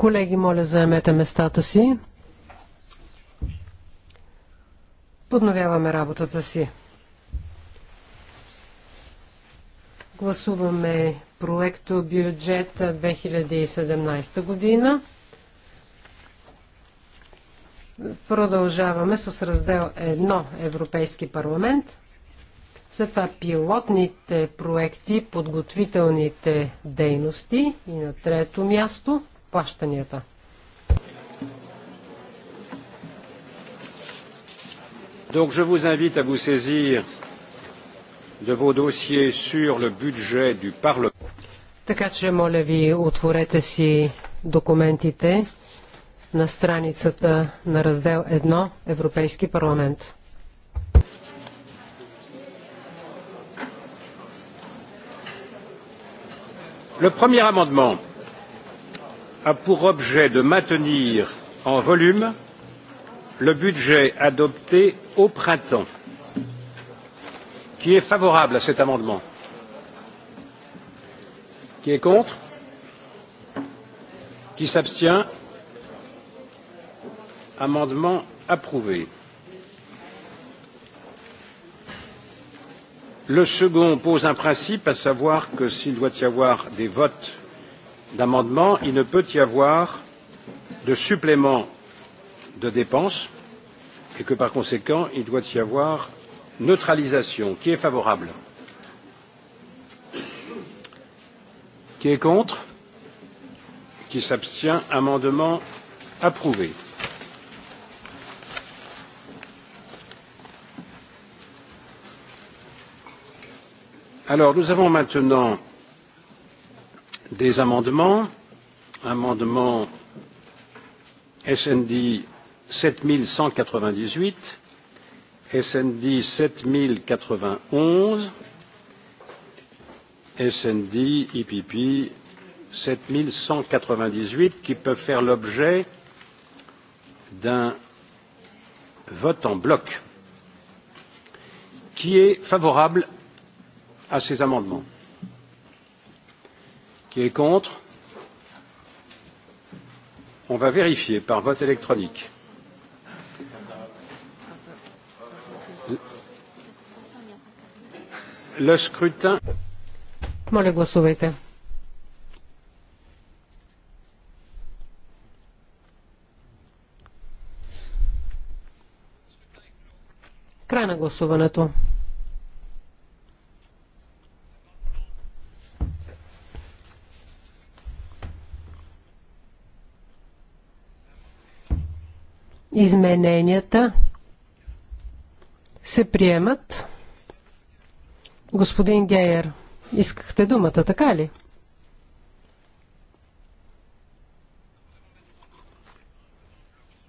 Колеги, моля, заемете местата си. Подновяваме работата си. Гласуваме проекто бюджет 2017 година. Продължаваме с раздел 1 Европейски парламент. След това пилотните проекти, подготвителните дейности и на трето място плащанията. Donc je vous invite à vous saisir de vos dossiers sur le budget du Parlement. Така че, моля ви, отворете си документите на страницата на раздел 1 Европейски парламент. Le premier amendement a pour objet de maintenir en volume le budget adopté au printemps. Qui est favorable à cet amendement Qui est contre Qui s'abstient Amendement approuvé. Le second pose un principe, à savoir que s'il doit y avoir des votes d'amendements, il ne peut y avoir de supplément de dépenses et que par conséquent, il doit y avoir neutralisation. Qui est favorable Qui est contre Qui s'abstient Amendement approuvé. Alors, nous avons maintenant des amendements. Amendement SND 7198, SND 7091, SND, IPP 7198 qui peuvent faire l'objet d'un vote en bloc. Qui est favorable à ces amendements Qui est contre On va vérifier par vote électronique. Le scrutin. Моля, гласувайте. Край на гласуването. Измененията се приемат. Господин Гейер, искахте думата, така ли?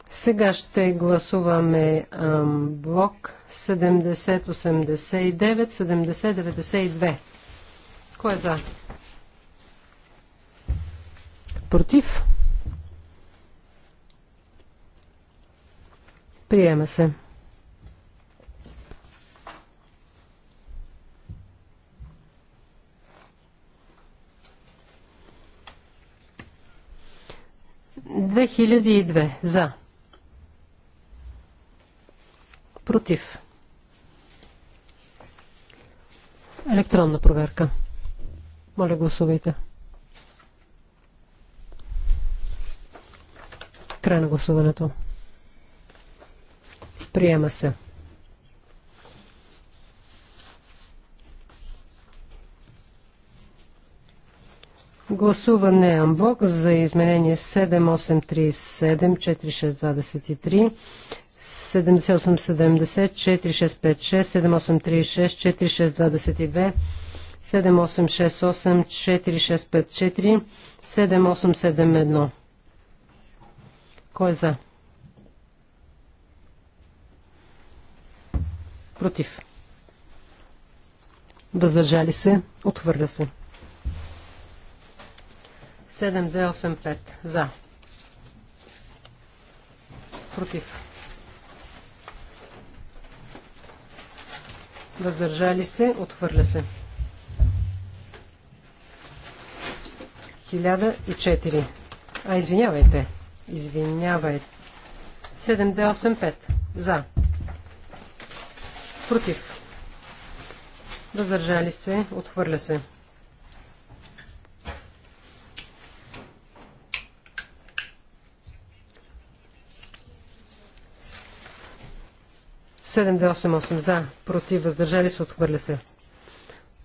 Сега ще гласуваме ам, блок 70, 89, 70, 92. Кой е за? Против? Приема се. Две хиляди и две. За. Против. Електронна проверка. Моля, гласувайте. Край на гласуването. Приема се. Гласуване Амбок за изменение 7837-4623, 7870-4656-7836-4622, 7868-4654, 7871. Кой е за? Против. Въздържали се. отвърля се. 7285. За. Против. Въздържали се. Отхвърля се. 1004. А, извинявайте. Извинявайте. 7285. За. Против. Въздържали се. Отхвърля се. Седем, за, против, въздържали се, отхвърля се.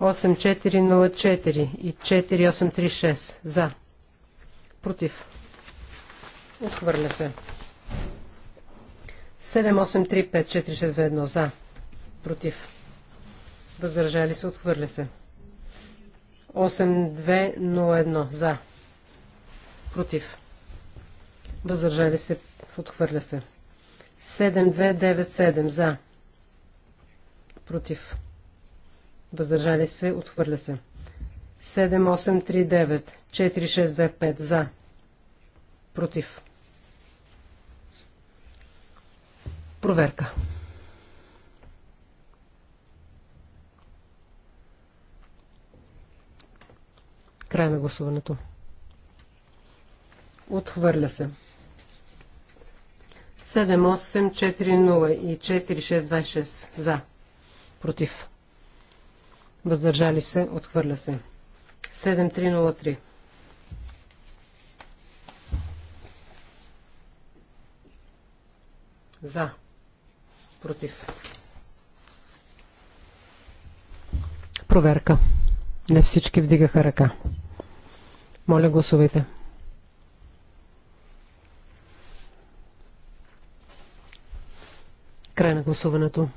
8404 и 4836 за. Против. Отхвърля се. 7835 4621 за. Против. Въздържали се. Отхвърля се. 8201. За. Против. Въздържали се. Отхвърля се. 7297. За. Против. Въздържали се. Отхвърля се. 7839. 4625. За. Против. Проверка. Край на гласуването. Отхвърля се. 7840 и 4626 за. Против. Въздържали се. Отхвърля се. 7303. За. Против. Проверка. Не всички вдигаха ръка. Моля, гласувайте. Край на гласуването.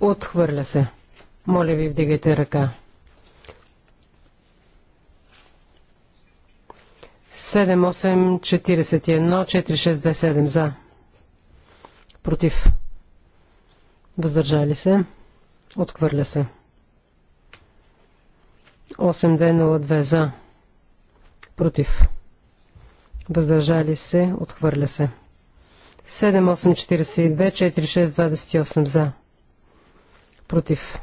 Отхвърля се. Моля ви, вдигайте ръка. две, седем, за. Против. Въздържали се. Отхвърля се. 8202 за. Против. Въздържали се. Отхвърля се. 7842 4628 за. Против.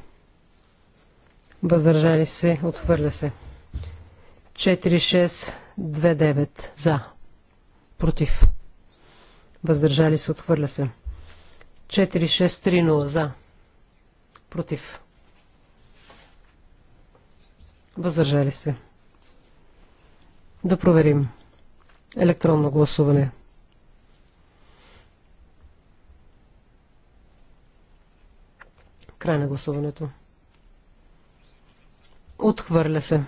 Въздържали се. Отхвърля се. 4629 за. Против. Въздържали се. Отхвърля се. 4630 за. Против. Въздържали се. Да проверим. Електронно гласуване. Край на гласуването. Отхвърля се.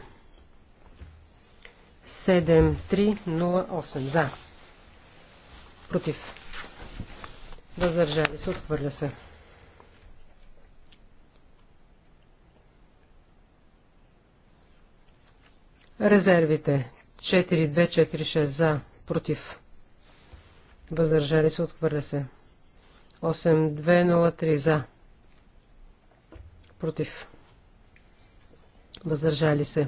7308 за. Против. Въздържали се. Отхвърля се. Резервите. 4-2-4-6 за. Против. Въздържали се. Отхвърля се. 8 за. Против. Въздържали се.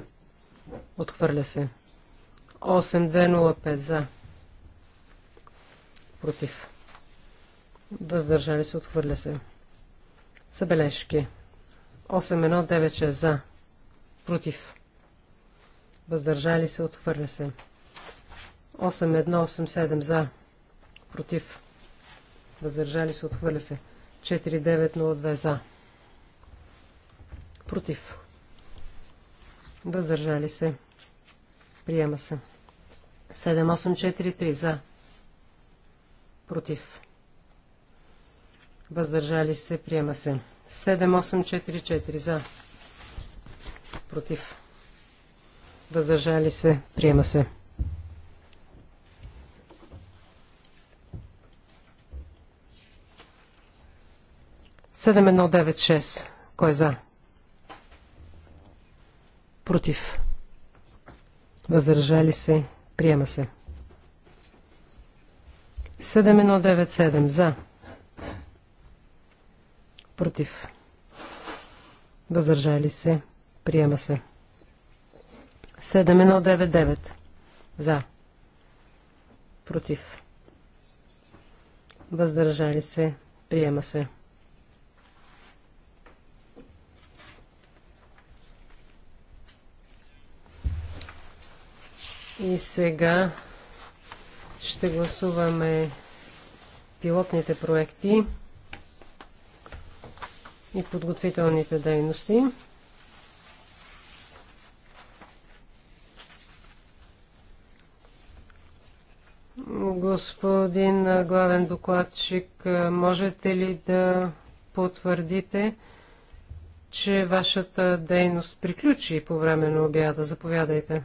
Отхвърля се. 8 за. Против. Въздържали се, отхвърля се. Събележки. 8196 за. Против. Въздържали се, отхвърля се. 8187 за. Против. Въздържали се, отхвърля се. 4902 за. Против. Въздържали се. Приема се. 7843 за. Против въздържали се, приема се. 7844 за, против, въздържали се, приема се. Седем едно девет шест. Кой е за? Против. Въздържали се. Приема се. седем. за. Против. Въздържали се. Приема се. 7199. За. Против. Въздържали се. Приема се. И сега ще гласуваме пилотните проекти и подготвителните дейности. Господин главен докладчик, можете ли да потвърдите, че вашата дейност приключи по време на обяда? Заповядайте.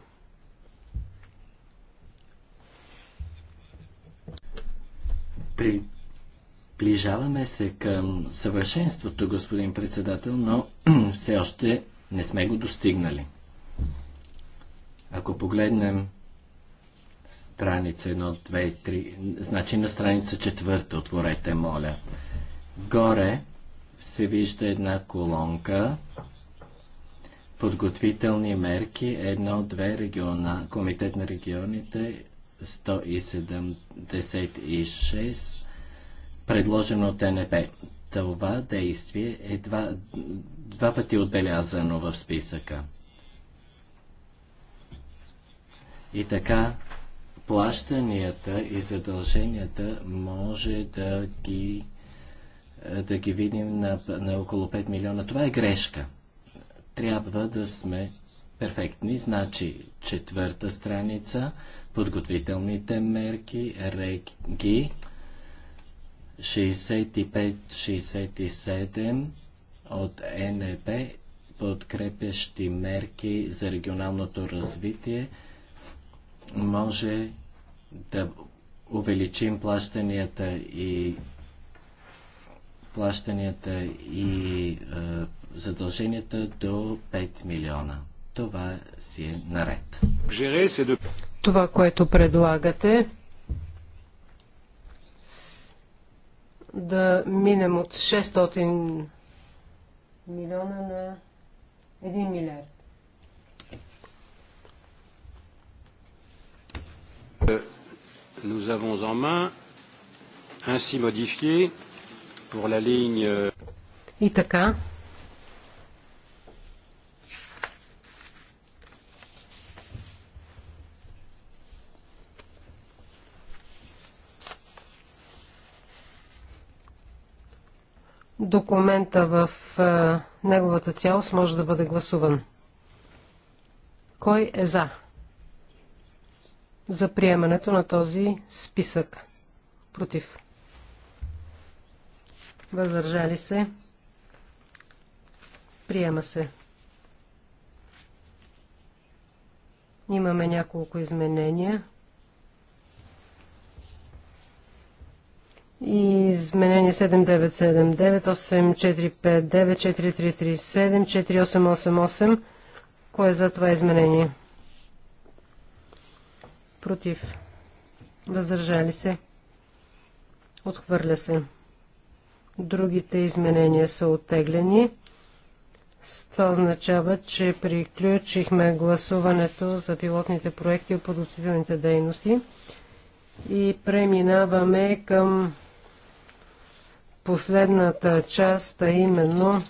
Приближаваме се към съвършенството, господин председател, но все още не сме го достигнали. Ако погледнем страница 1, 2, 3, значи на страница 4, отворете, моля. Горе се вижда една колонка, подготвителни мерки, едно, 2, региона, комитет на регионите, 176, предложено от НП. Това действие е два, два пъти отбелязано в списъка. И така, плащанията и задълженията може да ги, да ги видим на, на около 5 милиона. Това е грешка. Трябва да сме перфектни. Значи четвърта страница, подготвителните мерки, реги, 65-67 от НЕБ, подкрепящи мерки за регионалното развитие, може да увеличим плащанията и плащанията и е, задълженията до 5 милиона. Това си е наред. Това, което предлагате, да минем от 600 милиона на 1 милиард. Nous avons en main, ainsi modifié, pour la ligne... И така, документа в е, неговата цялост може да бъде гласуван. Кой е за? За приемането на този списък. Против. Въздържали се. Приема се. Имаме няколко изменения. и изменение 7979, 8459, 4337, 4888. Кое е за това изменение? Против. Въздържали се. Отхвърля се. Другите изменения са оттеглени. Това означава, че приключихме гласуването за пилотните проекти и подготвителните дейности и преминаваме към последната част, а именно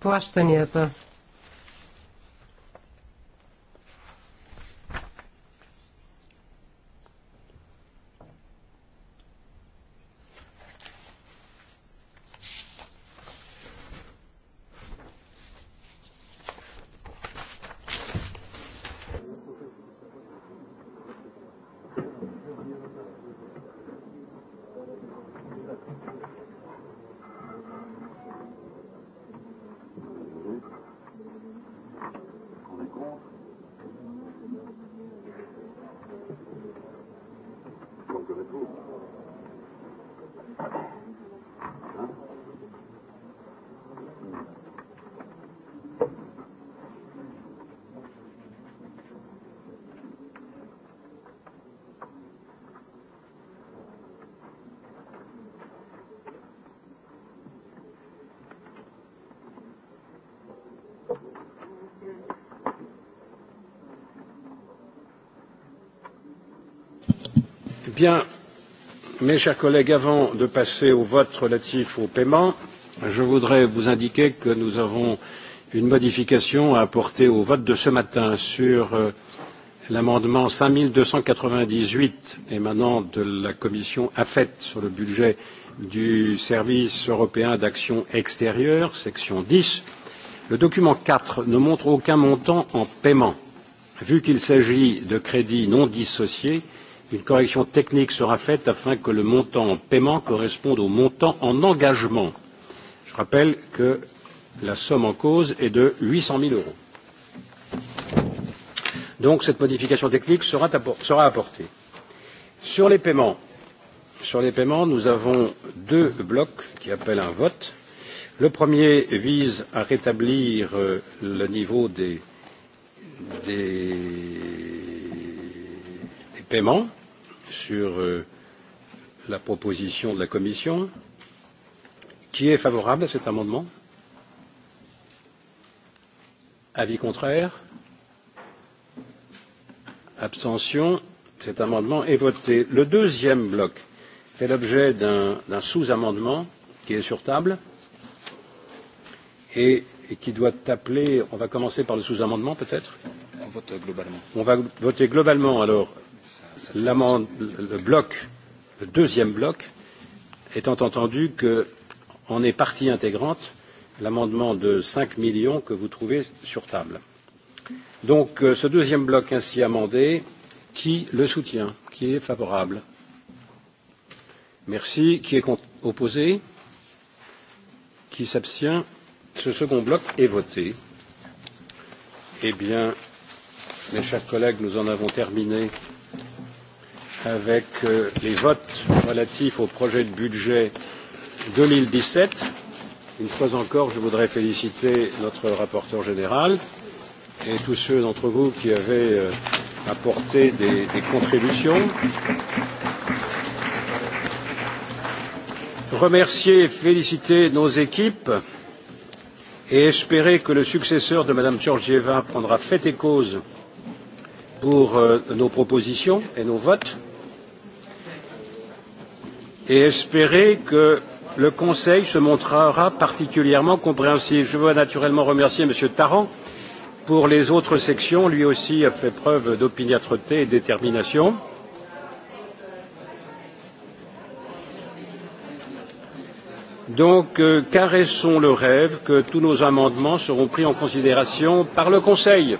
плащанията. Bien, mes chers collègues, avant de passer au vote relatif au paiement, je voudrais vous indiquer que nous avons une modification à apporter au vote de ce matin sur l'amendement cinq mille deux cent quatre vingt dix huit émanant de la commission AFET sur le budget du service européen d'action extérieure, section dix, le document quatre ne montre aucun montant en paiement. Vu qu'il s'agit de crédits non dissociés, Une correction technique sera faite afin que le montant en paiement corresponde au montant en engagement. Je rappelle que la somme en cause est de 800 000 euros. Donc cette modification technique sera, apportée. Sur les paiements, sur les paiements, nous avons deux blocs qui appellent un vote. Le premier vise à rétablir le niveau des, des, des paiements sur la proposition de la Commission. Qui est favorable à cet amendement Avis contraire Abstention Cet amendement est voté. Le deuxième bloc fait l'objet d'un sous-amendement qui est sur table et, et qui doit appeler. On va commencer par le sous-amendement peut-être On vote globalement. On va voter globalement alors le bloc, le deuxième bloc, étant entendu qu'on est partie intégrante l'amendement de cinq millions que vous trouvez sur table. Donc ce deuxième bloc ainsi amendé, qui le soutient, qui est favorable Merci. Qui est opposé Qui s'abstient Ce second bloc est voté. Eh bien, mes chers collègues, nous en avons terminé avec les votes relatifs au projet de budget deux mille dix sept. Une fois encore, je voudrais féliciter notre rapporteur général et tous ceux d'entre vous qui avaient apporté des, contributions. Remercier et féliciter nos équipes et espérer que le successeur de Mme Georgieva prendra fait et cause pour nos propositions et nos votes et espérer que le Conseil se montrera particulièrement compréhensif. Je veux naturellement remercier M. Tarrant pour les autres sections. Lui aussi a fait preuve d'opiniâtreté et de détermination. Donc, caressons le rêve que tous nos amendements seront pris en considération par le Conseil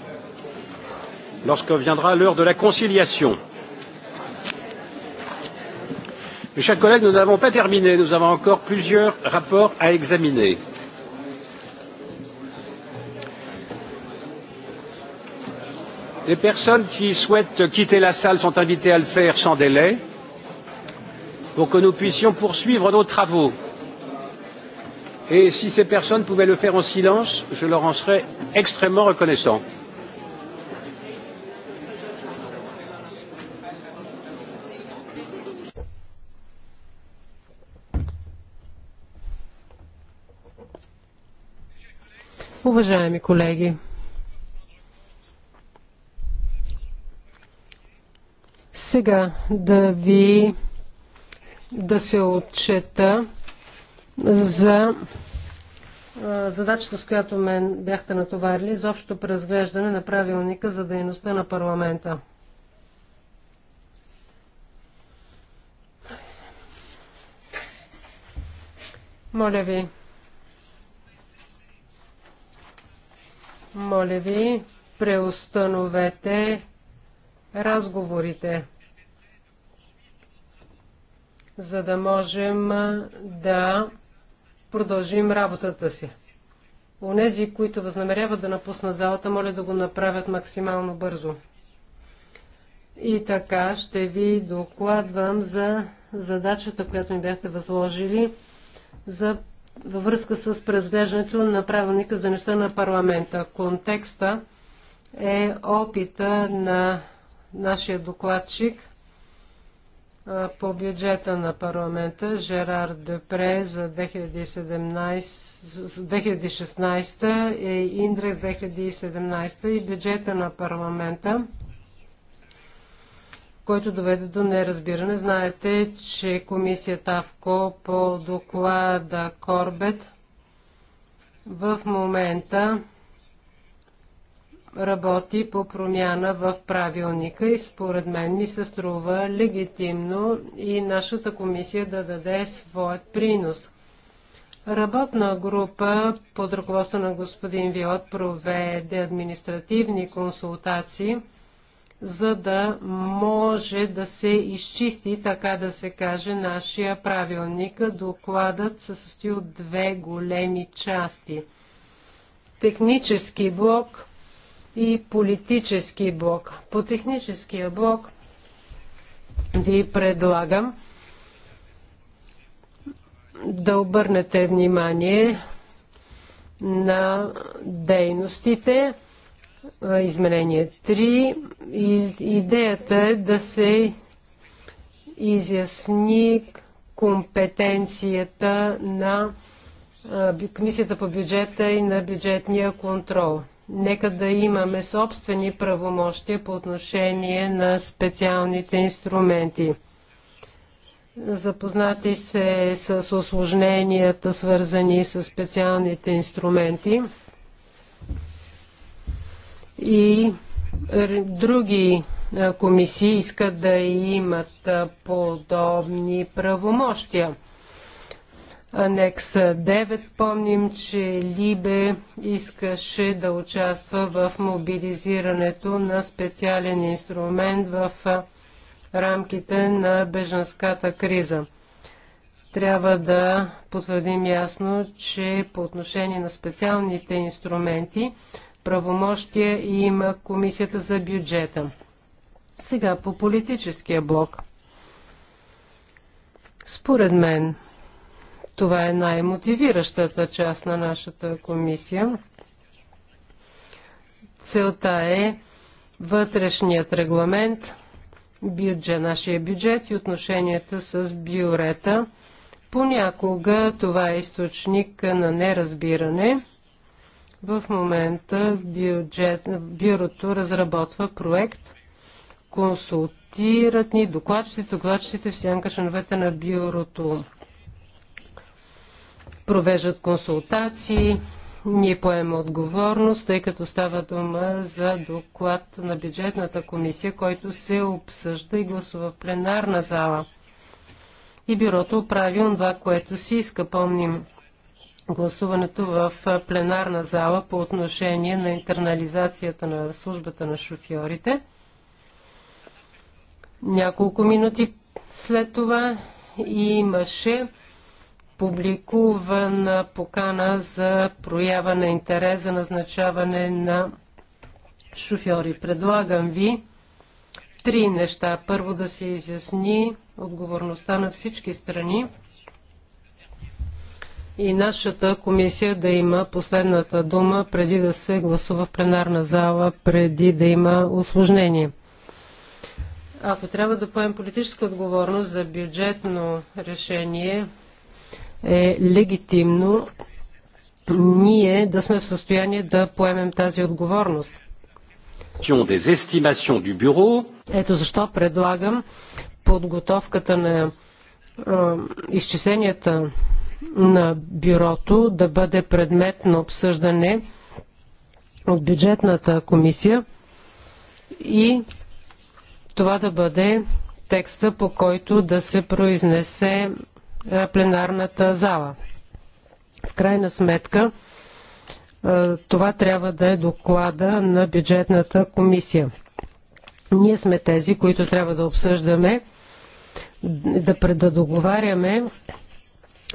lorsque viendra l'heure de la conciliation. Mes chers collègues, nous n'avons pas terminé. Nous avons encore plusieurs rapports à examiner. Les personnes qui souhaitent quitter la salle sont invitées à le faire sans délai pour que nous puissions poursuivre nos travaux. Et si ces personnes pouvaient le faire en silence, je leur en serais extrêmement reconnaissant. уважаеми колеги. Сега да ви да се отчета за задачата, с която мен бяхте натоварили за общо преразглеждане на правилника за дейността на парламента. Моля ви, Моля ви, преустановете разговорите, за да можем да продължим работата си. Онези, които възнамеряват да напуснат залата, моля да го направят максимално бързо. И така ще ви докладвам за задачата, която ми бяхте възложили за във връзка с преразглеждането на правилника за неща на парламента. Контекста е опита на нашия докладчик по бюджета на парламента Жерар Депре за 2017, 2016 и Индрес 2017 и бюджета на парламента който доведе до неразбиране. Знаете, че комисията АВКО по доклада Корбет в момента работи по промяна в правилника и според мен ми се струва легитимно и нашата комисия да даде своят принос. Работна група под ръководство на господин Виот проведе административни консултации – за да може да се изчисти, така да се каже, нашия правилник. Докладът се състои от две големи части. Технически блок и политически блок. По техническия блок ви предлагам да обърнете внимание на дейностите, изменение 3. Идеята е да се изясни компетенцията на Комисията по бюджета и на бюджетния контрол. Нека да имаме собствени правомощия по отношение на специалните инструменти. Запознати се с осложненията, свързани с специалните инструменти и е, други е, комисии искат да имат е, подобни правомощия. Анекс 9 помним, че Либе искаше да участва в мобилизирането на специален инструмент в рамките на беженската криза. Трябва да потвърдим ясно, че по отношение на специалните инструменти правомощия и има Комисията за бюджета. Сега по политическия блок. Според мен, това е най-мотивиращата част на нашата комисия. Целта е вътрешният регламент, бюджет, нашия бюджет и отношенията с бюрета. Понякога това е източник на неразбиране в момента бюджет, бюрото разработва проект, консултират ни докладчиците, докладчиците в сянка членовете на бюрото провеждат консултации, ние поема отговорност, тъй като става дума за доклад на бюджетната комисия, който се обсъжда и гласува в пленарна зала. И бюрото прави това, което си иска. Помним, гласуването в пленарна зала по отношение на интернализацията на службата на шофьорите. Няколко минути след това имаше публикувана покана за проява на интерес за назначаване на шофьори. Предлагам ви три неща. Първо да се изясни отговорността на всички страни и нашата комисия да има последната дума преди да се гласува в пленарна зала, преди да има осложнение. Ако трябва да поем политическа отговорност за бюджетно решение, е легитимно ние да сме в състояние да поемем тази отговорност. Ето защо предлагам подготовката на изчисленията на бюрото да бъде предмет на обсъждане от бюджетната комисия и това да бъде текста, по който да се произнесе пленарната зала. В крайна сметка, това трябва да е доклада на бюджетната комисия. Ние сме тези, които трябва да обсъждаме, да, да договаряме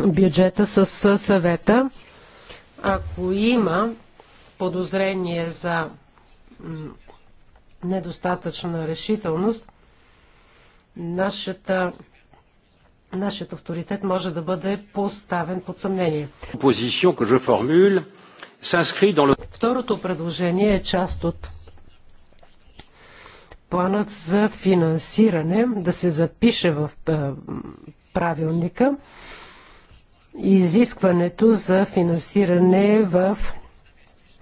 бюджета с съвета. Ако има подозрение за недостатъчна решителност, нашата, нашият авторитет може да бъде поставен под съмнение. Второто предложение е част от планът за финансиране да се запише в е, правилника изискването за финансиране в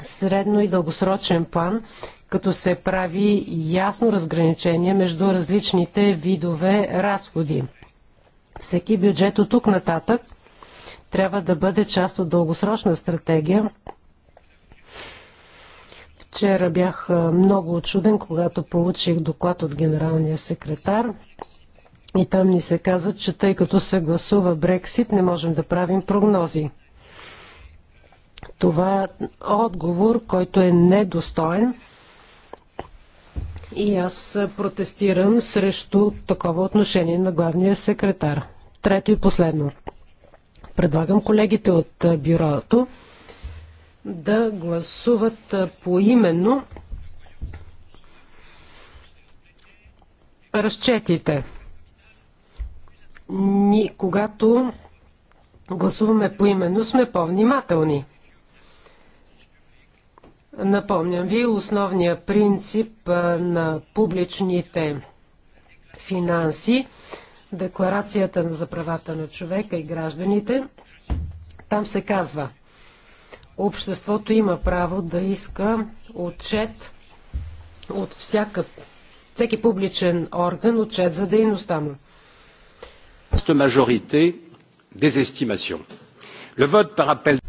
средно и дългосрочен план, като се прави ясно разграничение между различните видове разходи. Всеки бюджет от тук нататък трябва да бъде част от дългосрочна стратегия. Вчера бях много очуден, когато получих доклад от генералния секретар – и там ни се каза, че тъй като се гласува Брексит, не можем да правим прогнози. Това е отговор, който е недостоен. И аз протестирам срещу такова отношение на главния секретар. Трето и последно. Предлагам колегите от бюрото да гласуват поименно разчетите ни, когато гласуваме по именно сме по-внимателни. Напомням ви основния принцип на публичните финанси, Декларацията за правата на човека и гражданите. Там се казва, обществото има право да иска отчет от всяка, всеки публичен орган, отчет за дейността му majorité des estimations. Le vote par appel.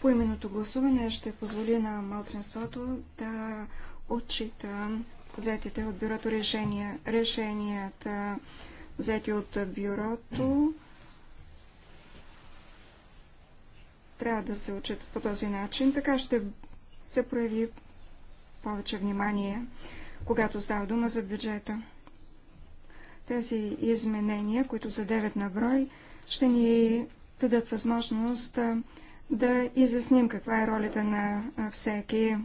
Поименното гласуване ще позволи на малцинството да отчита взетите от бюрото решения. Решенията взети от бюрото трябва да се отчитат по този начин. Така ще се прояви повече внимание, когато става дума за бюджета. Тези изменения, които са 9 на брой, ще ни дадат възможност да изясним каква е ролята на всеки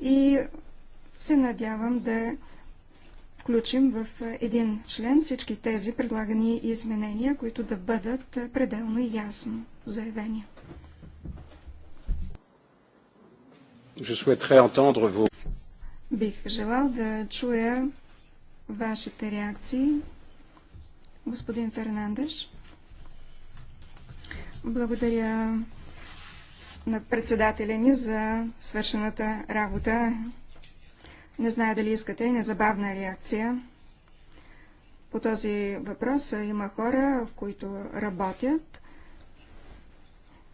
и се надявам да включим в един член всички тези предлагани изменения, които да бъдат пределно и ясно заявени. Бих желал да чуя вашите реакции. Господин Фернандеш. Благодаря на председателя ни за свършената работа. Не зная дали искате незабавна реакция. По този въпрос има хора, в които работят.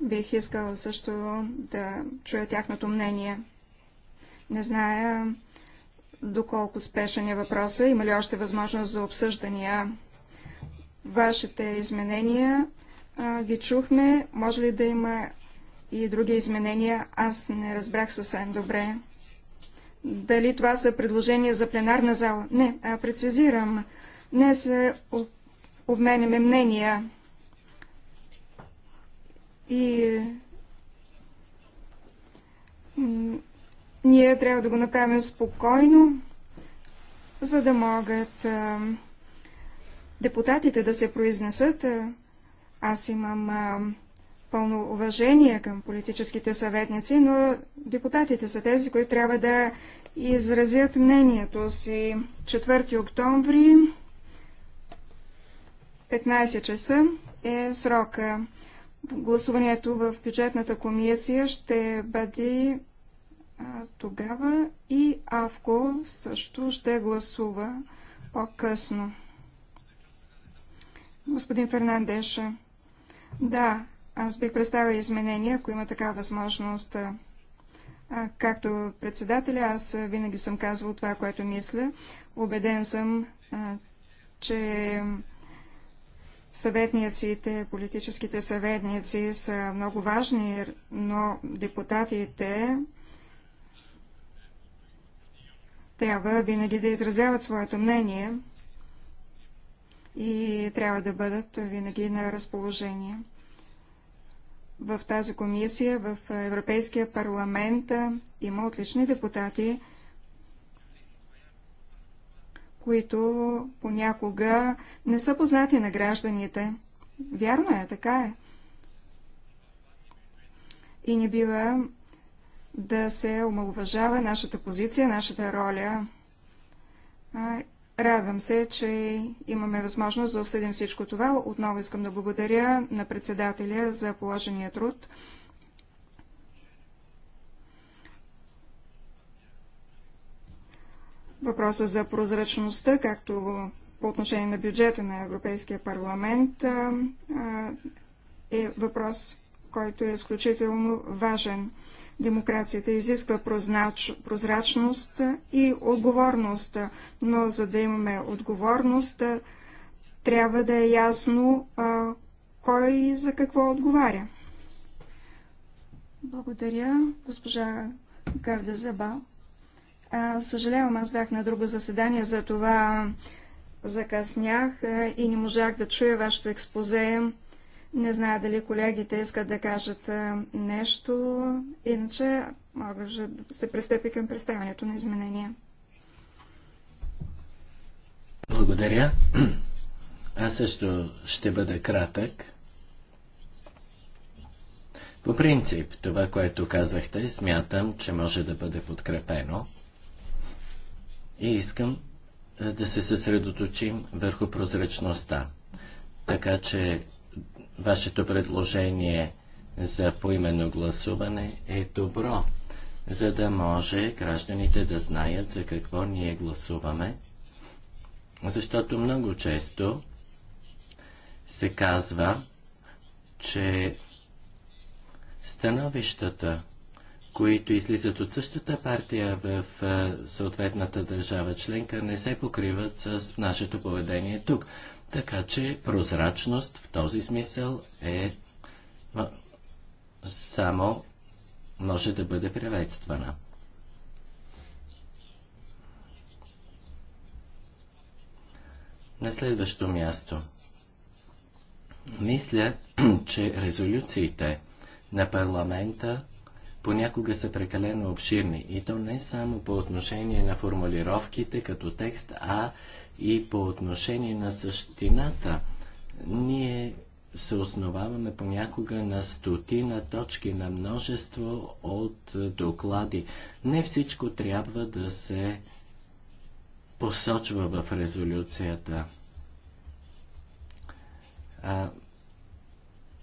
Бих искал също да чуя тяхното мнение. Не зная доколко спешен е въпроса, има ли още възможност за обсъждания. Вашите изменения а, ги чухме. Може ли да има и други изменения? Аз не разбрах съвсем добре. Дали това са предложения за пленарна зала? Не, а, прецизирам. Днес се обменяме мнения и ние трябва да го направим спокойно, за да могат а, депутатите да се произнесат. Аз имам а, пълно уважение към политическите съветници, но депутатите са тези, които трябва да изразят мнението си. 4 октомври, 15 часа е срока. Гласуването в бюджетната комисия ще бъде тогава и Авко също ще гласува по-късно. Господин Фернандеш, да, аз бих представила изменения, ако има такава възможност. Както председателя, аз винаги съм казвал това, което мисля. Обеден съм, че съветниците, политическите съветници са много важни, но депутатите трябва винаги да изразяват своето мнение и трябва да бъдат винаги на разположение. В тази комисия, в Европейския парламент има отлични депутати, които понякога не са познати на гражданите. Вярно е, така е. И не бива да се омалуважава нашата позиция, нашата роля. Радвам се, че имаме възможност да обсъдим всичко това. Отново искам да благодаря на председателя за положения труд. Въпроса за прозрачността, както по отношение на бюджета на Европейския парламент, е въпрос, който е изключително важен. Демокрацията изисква прознач, прозрачност и отговорност, но за да имаме отговорност, трябва да е ясно а, кой и за какво отговаря. Благодаря, госпожа Гарда Забал. А, съжалявам, аз бях на друго заседание, за това закъснях и не можах да чуя вашето експозе. Не зная дали колегите искат да кажат нещо, иначе мога да се пристъпи към представянето на изменения. Благодаря. Аз също ще бъда кратък. По принцип, това, което казахте, смятам, че може да бъде подкрепено. И искам да се съсредоточим върху прозрачността. Така че вашето предложение за поименно гласуване е добро, за да може гражданите да знаят за какво ние гласуваме, защото много често се казва, че становищата, които излизат от същата партия в съответната държава членка, не се покриват с нашето поведение тук. Така че прозрачност в този смисъл е само може да бъде приветствана. На следващо място. Мисля, че резолюциите на парламента понякога са прекалено обширни. И то не само по отношение на формулировките като текст, а и по отношение на същината. Ние се основаваме понякога на стотина точки, на множество от доклади. Не всичко трябва да се посочва в резолюцията. А,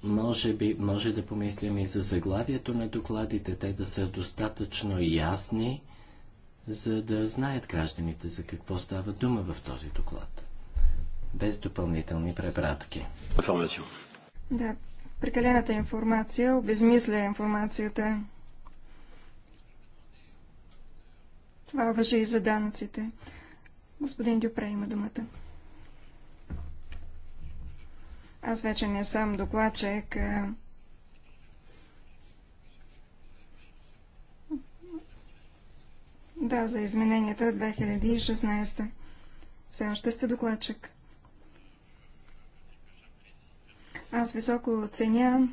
може би, може да помислим и за заглавието на докладите, те да са достатъчно ясни – за да знаят гражданите за какво става дума в този доклад. Без допълнителни препратки. Да, прекалената информация обезмисля информацията. Това въжи и за данъците. Господин Дюпре има думата. Аз вече не съм докладчик. Да, за измененията 2016. Все още сте докладчик. Аз високо оценя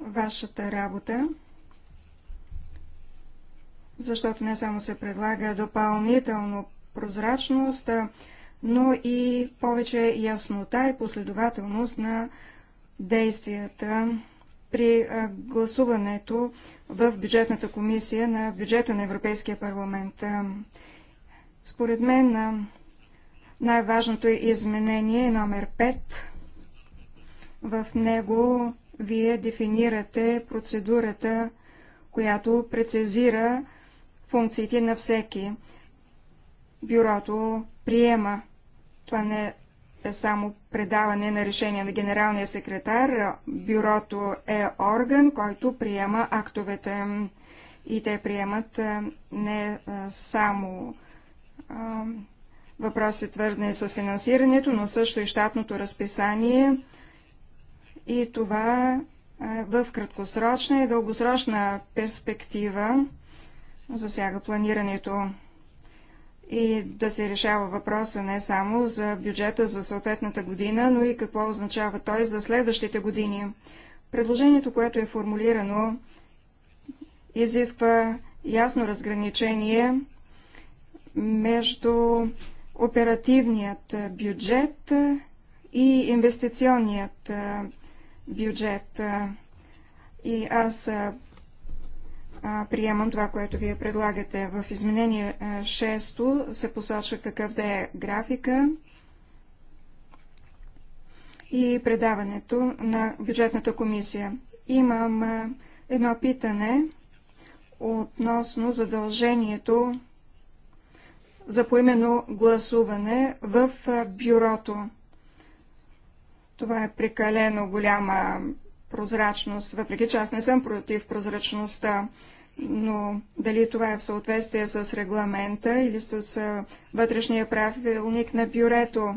вашата работа, защото не само се предлага допълнително прозрачност, но и повече яснота и последователност на действията при гласуването в бюджетната комисия на бюджета на Европейския парламент. Според мен най-важното е изменение номер 5. В него вие дефинирате процедурата, която прецизира функциите на всеки. Бюрото приема това не е е само предаване на решение на генералния секретар. Бюрото е орган, който приема актовете и те приемат не само въпроси твърдени с финансирането, но също и щатното разписание. И това в краткосрочна и дългосрочна перспектива засяга планирането и да се решава въпроса не само за бюджета за съответната година, но и какво означава той за следващите години. Предложението, което е формулирано, изисква ясно разграничение между оперативният бюджет и инвестиционният бюджет. И аз а, приемам това, което вие предлагате. В изменение 6 се посочва какъв да е графика и предаването на бюджетната комисия. Имам а, едно питане относно задължението за поименно гласуване в бюрото. Това е прекалено голяма прозрачност, въпреки че аз не съм против прозрачността, но дали това е в съответствие с регламента или с вътрешния правилник на бюрето.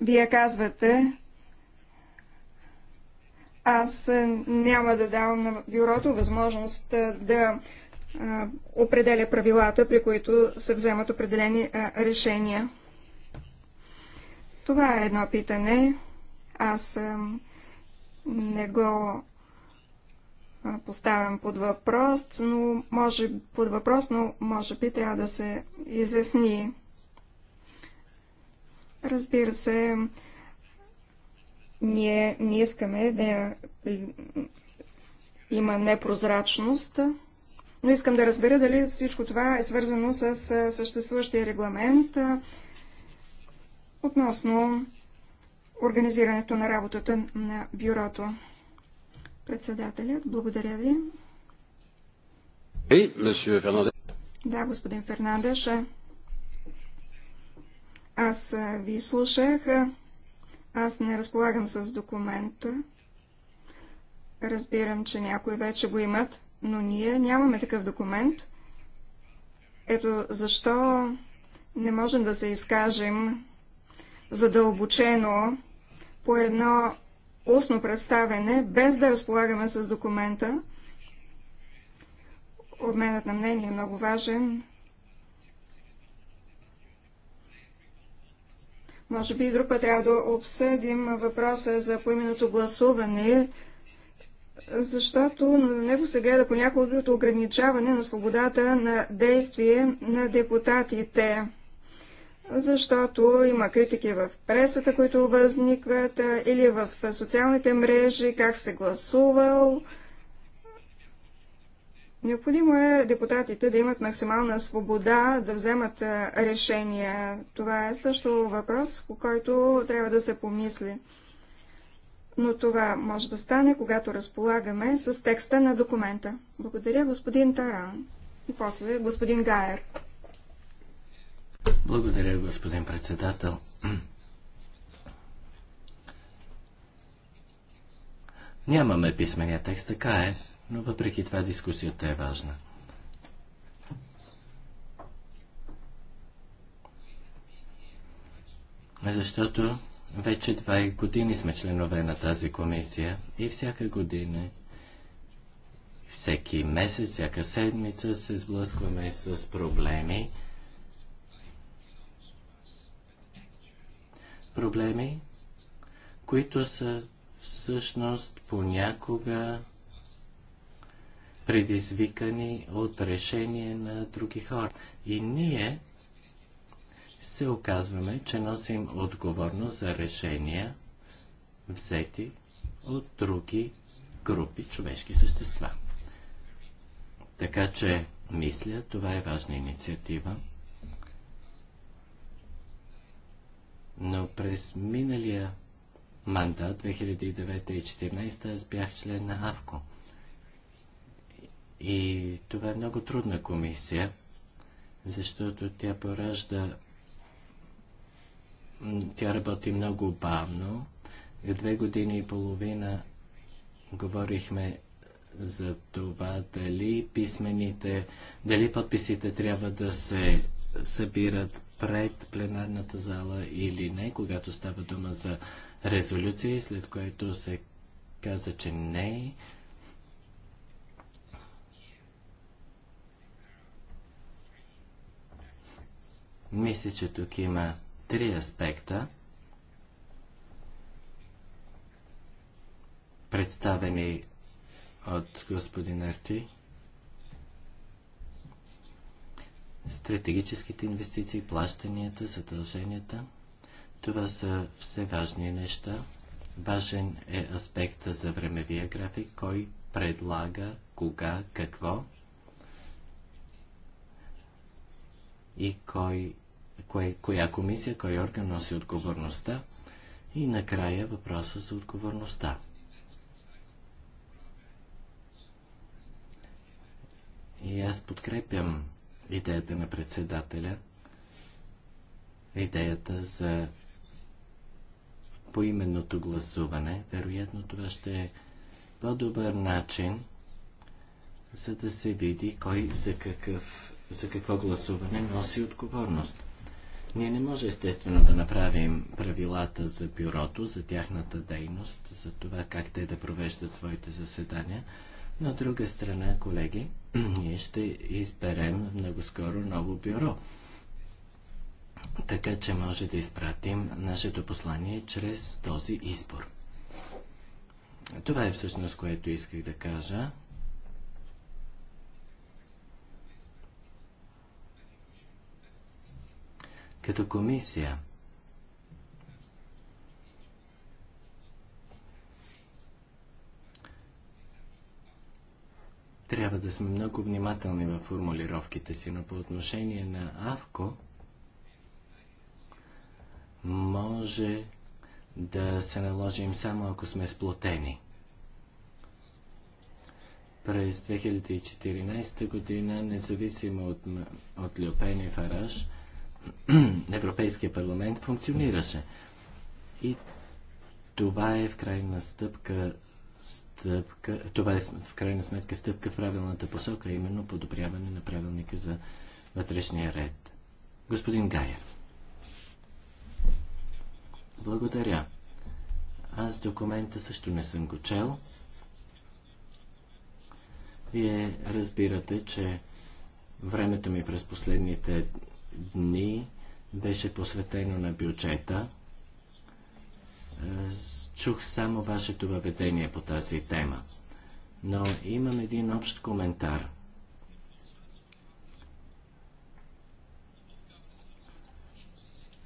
Вие казвате, аз няма да давам на бюрото възможност да определя правилата, при които се вземат определени решения. Това е едно питане. Аз не го поставям под въпрос, но може, под въпрос, но може би трябва да се изясни. Разбира се, ние не искаме да има непрозрачност, но искам да разбера дали всичко това е свързано с съществуващия регламент относно организирането на работата на бюрото. Председателят, благодаря ви. Hey, да, господин Фернандеш. Аз ви слушах. Аз не разполагам с документа. Разбирам, че някои вече го имат, но ние нямаме такъв документ. Ето защо не можем да се изкажем задълбочено по едно устно представене, без да разполагаме с документа. Обменът на мнение е много важен. Може би и друг път трябва да обсъдим въпроса за поименното гласуване, защото на него се гледа понякога от ограничаване на свободата на действие на депутатите защото има критики в пресата, които възникват, или в социалните мрежи, как сте гласувал. Необходимо е депутатите да имат максимална свобода да вземат решения. Това е също въпрос, по който трябва да се помисли. Но това може да стане, когато разполагаме с текста на документа. Благодаря, господин Таран. И после господин Гайер. Благодаря, господин председател. Нямаме писмения текст, така е, но въпреки това дискусията е важна. Защото вече два години сме членове на тази комисия и всяка година, всеки месец, всяка седмица се сблъскваме с проблеми, проблеми, които са всъщност понякога предизвикани от решение на други хора. И ние се оказваме, че носим отговорност за решения, взети от други групи човешки същества. Така че, мисля, това е важна инициатива. Но през миналия мандат, 2009 и 2014, аз бях член на АВКО. И това е много трудна комисия, защото тя поражда... Тя работи много бавно. Две години и половина говорихме за това дали писмените, дали подписите трябва да се събират пред пленарната зала или не, когато става дума за резолюции, след което се каза, че не. Мисля, че тук има три аспекта, представени от господин Арти. стратегическите инвестиции, плащанията, задълженията. Това са все важни неща. Важен е аспекта за времевия график, кой предлага, кога, какво и кой, кое, коя комисия, кой орган носи отговорността. И накрая въпроса за отговорността. И аз подкрепям идеята на председателя, идеята за поименното гласуване. Вероятно това ще е по-добър начин, за да се види кой за, какъв, за какво гласуване носи отговорност. Ние не може естествено да направим правилата за бюрото, за тяхната дейност, за това как те да провеждат своите заседания, но друга страна, колеги, ние ще изберем много скоро ново бюро. Така че може да изпратим нашето послание чрез този избор. Това е всъщност, което исках да кажа. Като комисия, Трябва да сме много внимателни във формулировките си, но по отношение на АВКО може да се наложим само ако сме сплотени. През 2014 година, независимо от, от Люпен и Фараж, Европейския парламент функционираше. И това е в крайна стъпка стъпка, това е в крайна сметка стъпка в правилната посока, именно подобряване на правилника за вътрешния ред. Господин Гайер. Благодаря. Аз документа също не съм го чел. Вие разбирате, че времето ми през последните дни беше посветено на бюджета чух само вашето въведение по тази тема. Но имам един общ коментар.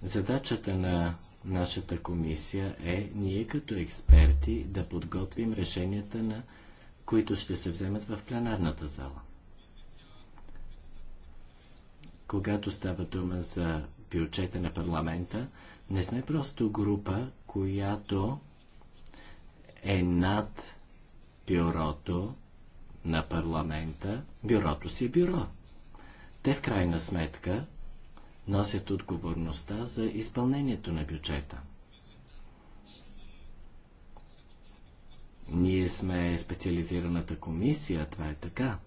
Задачата на нашата комисия е ние като експерти да подготвим решенията на които ще се вземат в пленарната зала. Когато става дума за бюджета на парламента, не сме просто група, която е над бюрото на парламента. Бюрото си е бюро. Те в крайна сметка носят отговорността за изпълнението на бюджета. Ние сме специализираната комисия, това е така.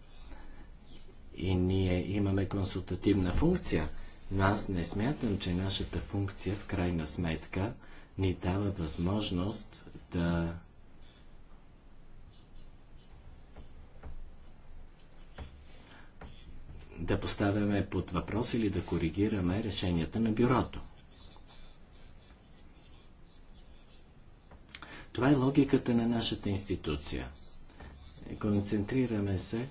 И ние имаме консултативна функция – но аз не смятам, че нашата функция в крайна сметка ни дава възможност да да поставяме под въпрос или да коригираме решенията на бюрото. Това е логиката на нашата институция. Концентрираме се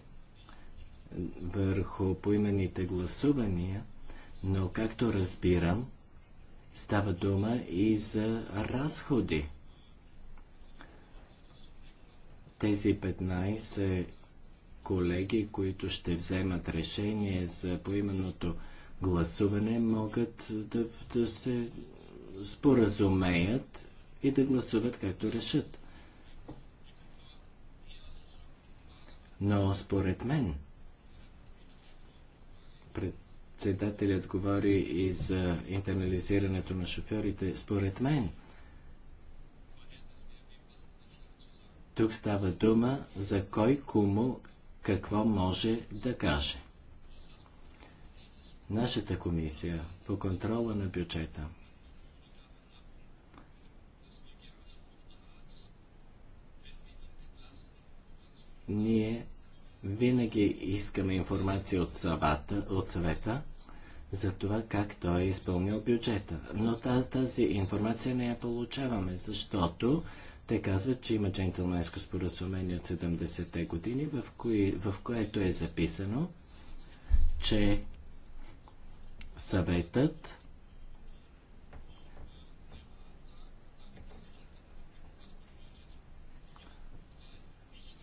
върху поименните гласувания – но както разбирам, става дума и за разходи. Тези 15 колеги, които ще вземат решение за поименното гласуване, могат да, да се споразумеят и да гласуват както решат. Но според мен, пред председателят говори и за интернализирането на шофьорите. Според мен, тук става дума за кой кому какво може да каже. Нашата комисия по контрола на бюджета ние винаги искаме информация от съвета, от съвета за това как той е изпълнил бюджета. Но тази информация не я получаваме, защото те казват, че има джентлменско споразумение от 70-те години, в, кои, в което е записано, че съветът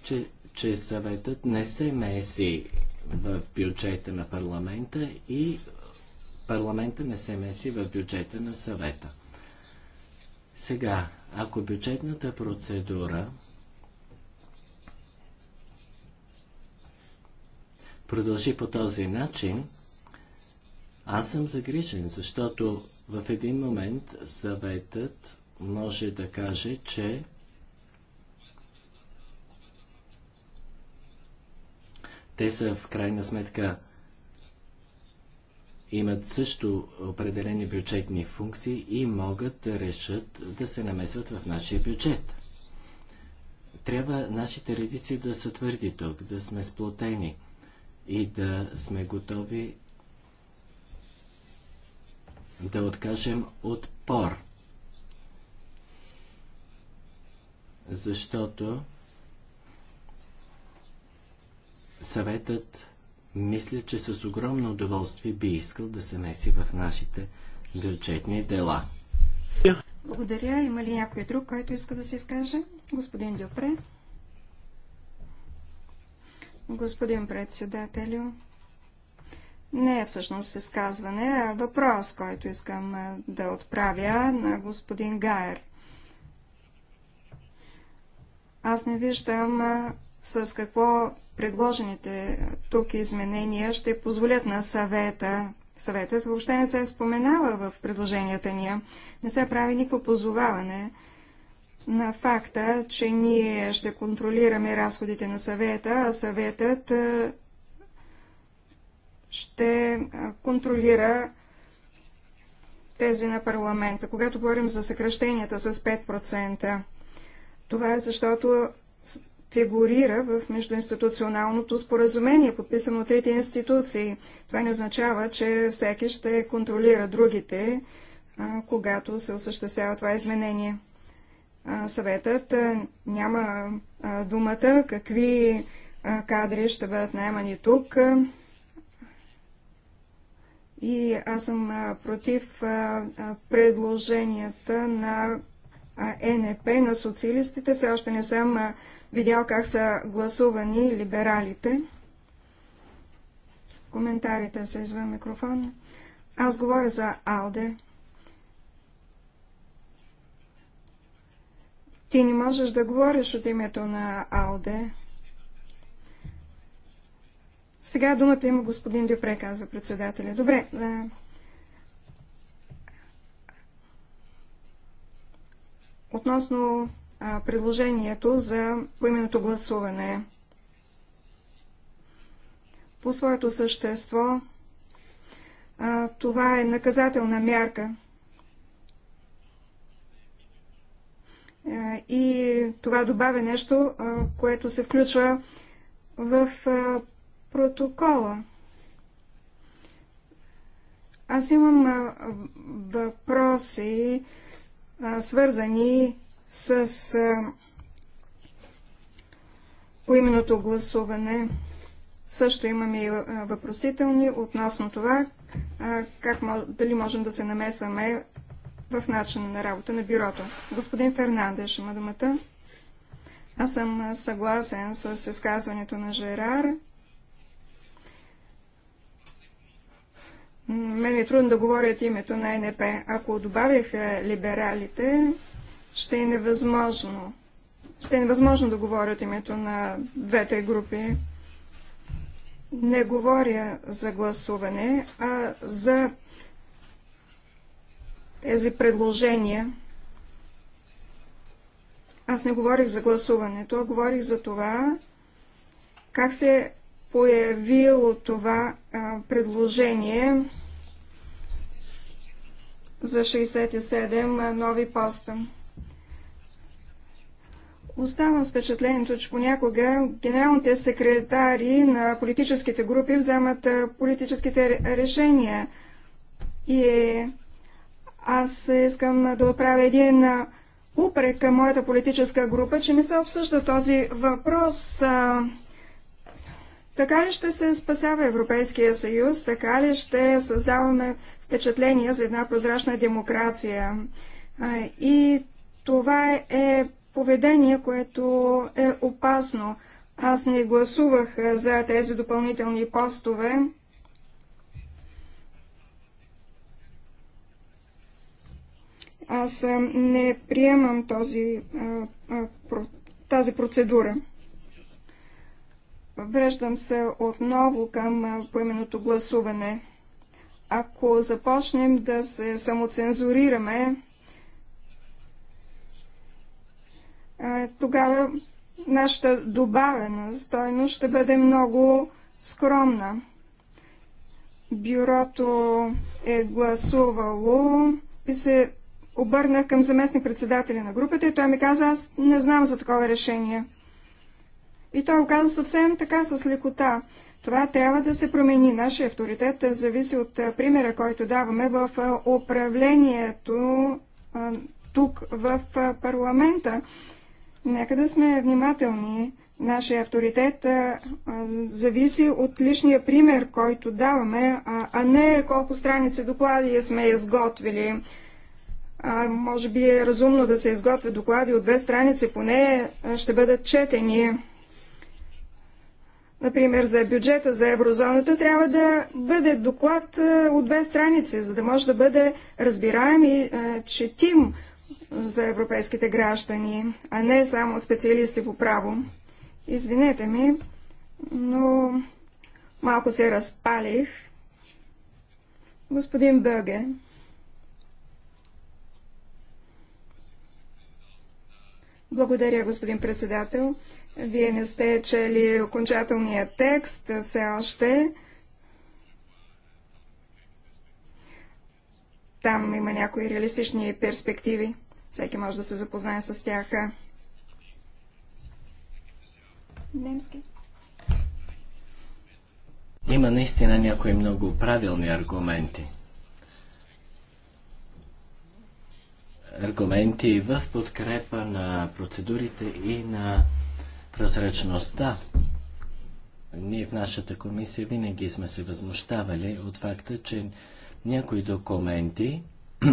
че, че съветът не се меси в бюджета на парламента и Парламента не се меси в бюджета на съвета. Сега, ако бюджетната процедура продължи по този начин, аз съм загрижен, защото в един момент съветът може да каже, че те са в крайна сметка имат също определени бюджетни функции и могат да решат да се намесват в нашия бюджет. Трябва нашите редици да са твърди тук, да сме сплотени и да сме готови да откажем отпор. Защото съветът мисля, че с огромно удоволствие би искал да се меси в нашите бюджетни дела. Благодаря. Има ли някой друг, който иска да се изкаже? Господин Дюпре. Господин председателю. Не е всъщност изказване, а въпрос, който искам да отправя на господин Гайер. Аз не виждам с какво Предложените тук изменения ще позволят на съвета. Съветът въобще не се е споменава в предложенията ни. Не се прави никакво позоваване на факта, че ние ще контролираме разходите на съвета, а съветът ще контролира тези на парламента. Когато говорим за съкръщенията с 5%, това е защото фигурира в междуинституционалното споразумение, подписано от трите институции. Това не означава, че всеки ще контролира другите, когато се осъществява това изменение. съветът няма думата какви кадри ще бъдат наймани тук. И аз съм против предложенията на ЕНП, на социалистите. Все още не съм видял как са гласувани либералите. Коментарите са извън микрофона. Аз говоря за Алде. Ти не можеш да говориш от името на Алде. Сега думата има господин Дюпре, казва председателя. Добре. Да. Относно предложението за поименното гласуване. По своето същество това е наказателна мярка. И това добавя нещо, което се включва в протокола. Аз имам въпроси, свързани с поименното гласуване. Също имаме и въпросителни относно това, как, дали можем да се намесваме в начина на работа на бюрото. Господин Фернандеш има думата. Аз съм съгласен с изказването на Жерар. Мен е трудно да говоря от името на НП. Ако добавих либералите, ще е невъзможно. Ще е невъзможно да говоря от името на двете групи. Не говоря за гласуване, а за тези предложения. Аз не говорих за гласуването, а говорих за това, как се появило това а, предложение за 67 нови поста. Оставам с впечатлението, че понякога генералните секретари на политическите групи вземат политическите решения. И аз искам да отправя един упрек към моята политическа група, че не се обсъжда този въпрос. Така ли ще се спасява Европейския съюз? Така ли ще създаваме впечатление за една прозрачна демокрация? И това е поведение, което е опасно. Аз не гласувах за тези допълнителни постове. Аз не приемам този, тази процедура. Връщам се отново към поименното гласуване. Ако започнем да се самоцензурираме, тогава нашата добавена стойност ще бъде много скромна. Бюрото е гласувало и се обърнах към заместник председателя на групата и той ми каза, аз не знам за такова решение. И той оказа съвсем така с лекота. Това трябва да се промени. Нашия авторитет зависи от примера, който даваме в управлението тук в парламента. Нека да сме внимателни. Нашия авторитет а, зависи от личния пример, който даваме, а, а не колко страници доклади сме изготвили. А, може би е разумно да се изготвят доклади от две страници, поне ще бъдат четени. Например, за бюджета за еврозоната трябва да бъде доклад от две страници, за да може да бъде разбираем и четим за европейските граждани, а не само от специалисти по право. Извинете ми, но малко се разпалих. Господин Бъге. Благодаря, господин председател. Вие не сте чели окончателния текст все още. Там има някои реалистични перспективи. Всеки може да се запознае с тях. Немски. Има наистина някои много правилни аргументи. Аргументи в подкрепа на процедурите и на прозрачността. Ние в нашата комисия винаги сме се възмущавали от факта, че някои документи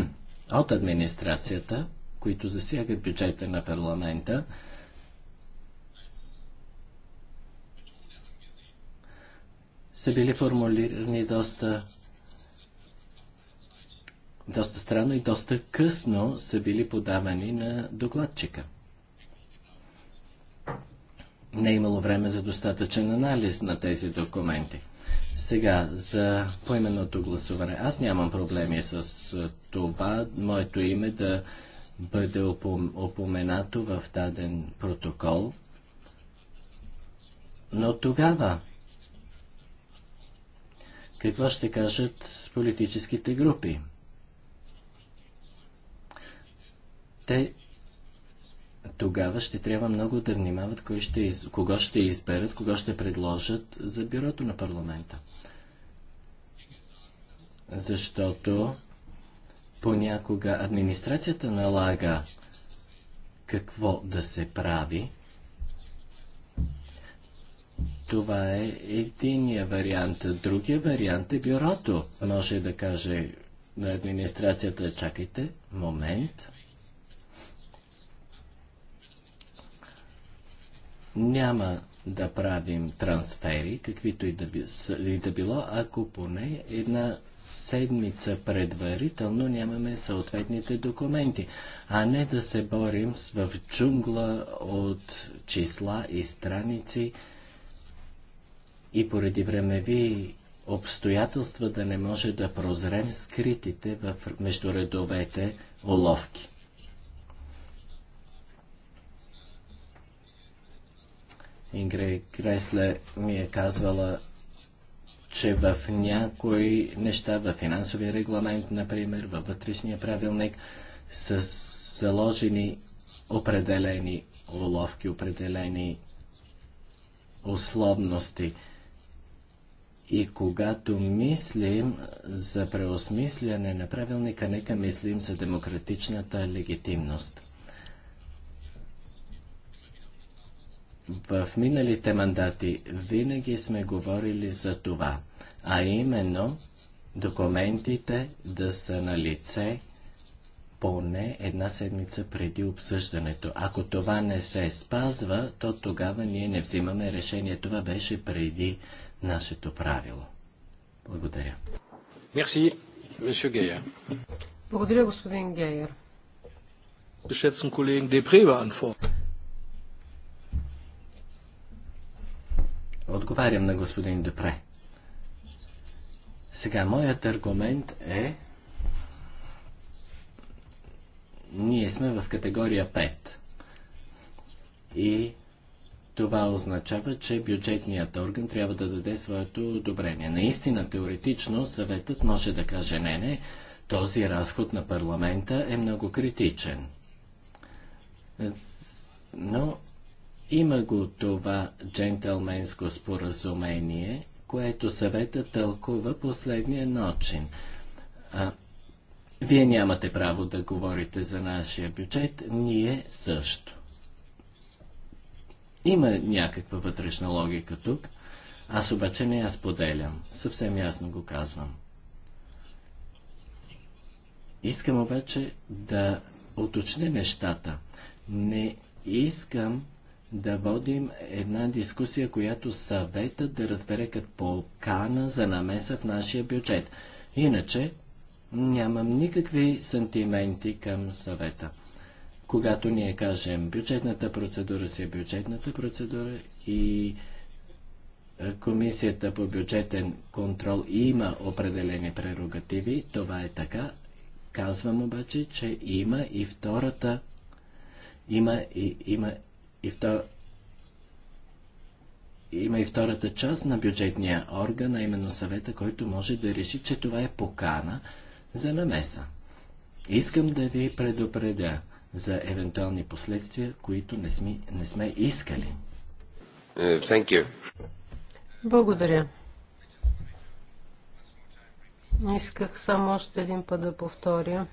от администрацията, които засягат бюджета на парламента, са били формулирани доста доста странно и доста късно са били подавани на докладчика. Не е имало време за достатъчен анализ на тези документи. Сега, за поименното гласуване. Аз нямам проблеми с е, това, моето име да бъде опоменато в даден протокол. Но тогава, какво ще кажат политическите групи? Те тогава ще трябва много да внимават кой ще из... кого ще изберат, кого ще предложат за бюрото на парламента. Защото понякога администрацията налага какво да се прави. Това е единия вариант. Другия вариант е бюрото. Може да каже на администрацията, чакайте, момент, Няма да правим трансфери, каквито и да, би, и да било, ако поне една седмица предварително нямаме съответните документи, а не да се борим в джунгла от числа и страници и поради времеви обстоятелства да не може да прозрем скритите в междуредовете уловки. Ингрид Кресле ми е казвала, че в някои неща, в финансовия регламент, например, във вътрешния правилник, са заложени определени уловки, определени условности. И когато мислим за преосмисляне на правилника, нека мислим за демократичната легитимност. в миналите мандати винаги сме говорили за това, а именно документите да са на лице поне една седмица преди обсъждането. Ако това не се спазва, то тогава ние не взимаме решение. Това беше преди нашето правило. Благодаря. Мерси, Гейер. Благодаря, господин Гейер. Geschätzten Kollegen Depré beantworten. Отговарям на господин Депре. Сега, моят аргумент е, ние сме в категория 5. И това означава, че бюджетният орган трябва да даде своето одобрение. Наистина, теоретично, съветът може да каже не, не, този разход на парламента е много критичен. Но има го това джентълменско споразумение, което съвета тълкува последния начин. А, вие нямате право да говорите за нашия бюджет, ние също. Има някаква вътрешна логика тук, аз обаче не я споделям. Съвсем ясно го казвам. Искам обаче да уточня нещата. Не искам да водим една дискусия, която съвета да разбере като покана за намеса в нашия бюджет. Иначе нямам никакви сантименти към съвета. Когато ние кажем бюджетната процедура си е бюджетната процедура и е, Комисията по бюджетен контрол има определени прерогативи, това е така. Казвам обаче, че има и втората, има и, има и втор... Има и втората част на бюджетния орган, а именно съвета, който може да реши, че това е покана за намеса. Искам да ви предупредя за евентуални последствия, които не сме, не сме искали. Е, thank you. Благодаря. Исках само още един път да повторя,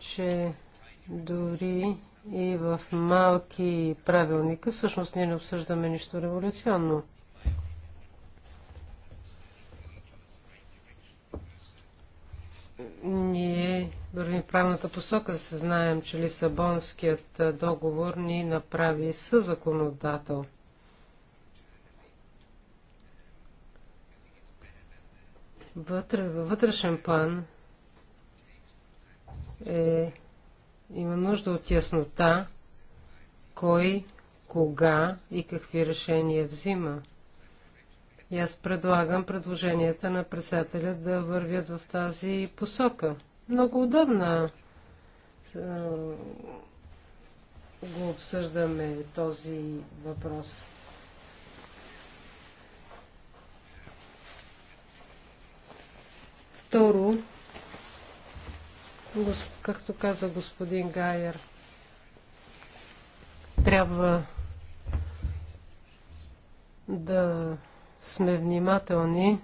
че дори и в малки правилника, всъщност ние не обсъждаме нищо революционно. Ние вървим в правилната посока, да се знаем, че Лисабонският договор ни направи законодател. Вътре, във вътрешен план е има нужда от яснота кой, кога и какви решения взима. И аз предлагам предложенията на председателя да вървят в тази посока. Много удобна го обсъждаме този въпрос. Второ, както каза господин Гайер, трябва да сме внимателни,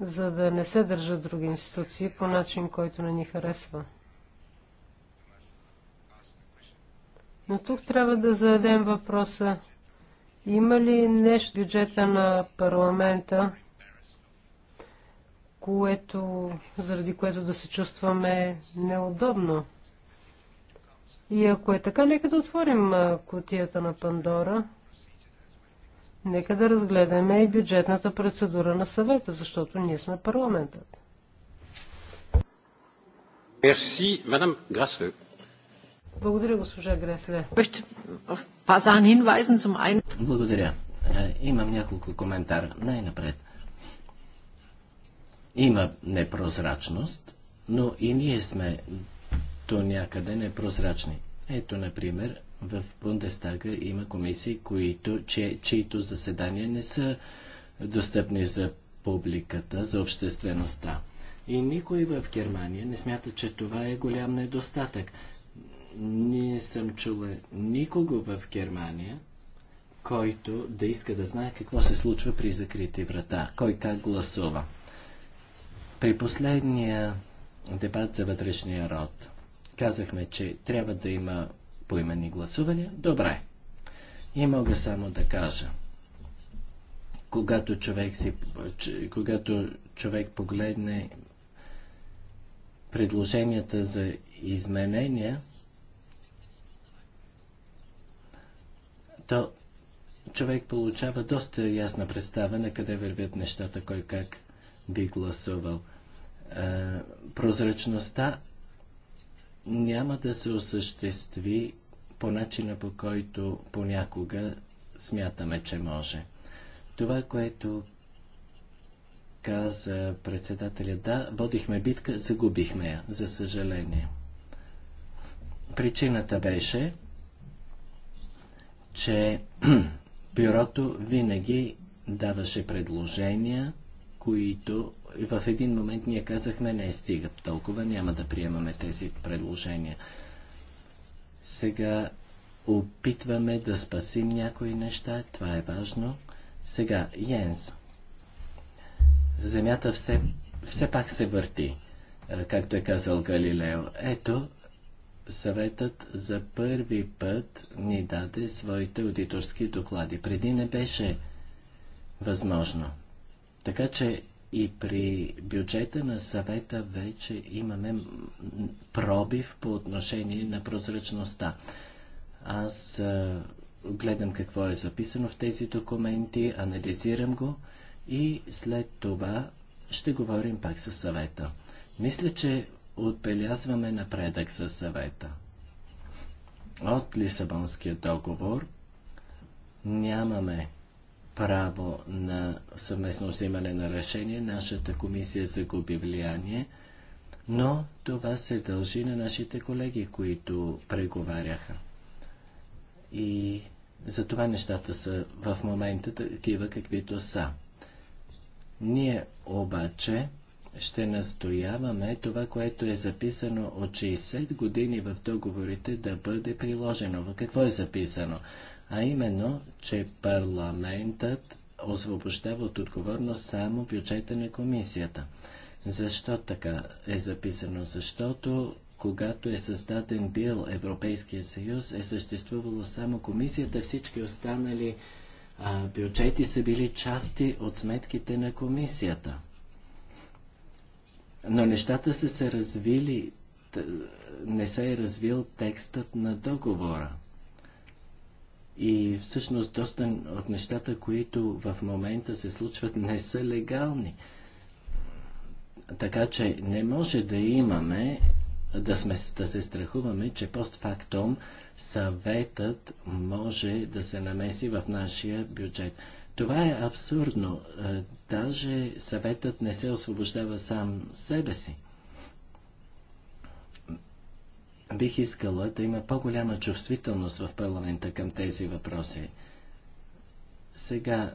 за да не се държат други институции по начин, който не ни харесва. Но тук трябва да зададем въпроса, има ли нещо в бюджета на парламента, което, заради което да се чувстваме неудобно. И ако е така, нека да отворим котията на Пандора. Нека да разгледаме и бюджетната процедура на съвета, защото ние сме парламентът. Мерси, мадам Грасле. Благодаря, госпожа Гресле. Благодаря. Е, имам няколко коментар. Най-напред. Има непрозрачност, но и ние сме до някъде непрозрачни. Ето, например, в Бундестага има комисии, които, че, чието заседания не са достъпни за публиката, за обществеността. И никой в Германия не смята, че това е голям недостатък. Не съм чула никого в Германия, който да иска да знае какво се случва при закрити врата, кой как гласува. При последния дебат за вътрешния род казахме, че трябва да има поименни гласувания. Добре. И мога само да кажа. Когато човек, си, когато човек погледне предложенията за изменения, то човек получава доста ясна представа на къде вървят нещата, кой как би гласувал. Е, прозрачността няма да се осъществи по начина по който понякога смятаме, че може. Това, което каза председателя, да, водихме битка, загубихме я, за съжаление. Причината беше, че бюрото винаги даваше предложения, които в един момент ние казахме не стига толкова, няма да приемаме тези предложения. Сега опитваме да спасим някои неща, това е важно. Сега, Йенс. Земята все, все пак се върти, е, както е казал Галилео. Ето, съветът за първи път ни даде своите аудиторски доклади. Преди не беше възможно. Така че и при бюджета на съвета вече имаме пробив по отношение на прозрачността. Аз гледам какво е записано в тези документи, анализирам го и след това ще говорим пак със съвета. Мисля, че отбелязваме напредък със съвета. От Лисабонския договор нямаме право на съвместно взимане на решение, нашата комисия загуби влияние, но това се дължи на нашите колеги, които преговаряха. И затова нещата са в момента такива, каквито са. Ние обаче ще настояваме това, което е записано от 60 години в договорите да бъде приложено. Какво е записано? а именно, че парламентът освобождава от отговорност само бюджета на комисията. Защо така е записано? Защото когато е създаден бил Европейския съюз, е съществувала само комисията, всички останали а, бюджети са били части от сметките на комисията. Но нещата са се развили, не се е развил текстът на договора. И всъщност доста от нещата, които в момента се случват, не са легални. Така че не може да имаме, да, сме, да се страхуваме, че постфактум съветът може да се намеси в нашия бюджет. Това е абсурдно. Е, даже съветът не се освобождава сам себе си бих искала да има по-голяма чувствителност в парламента към тези въпроси. Сега,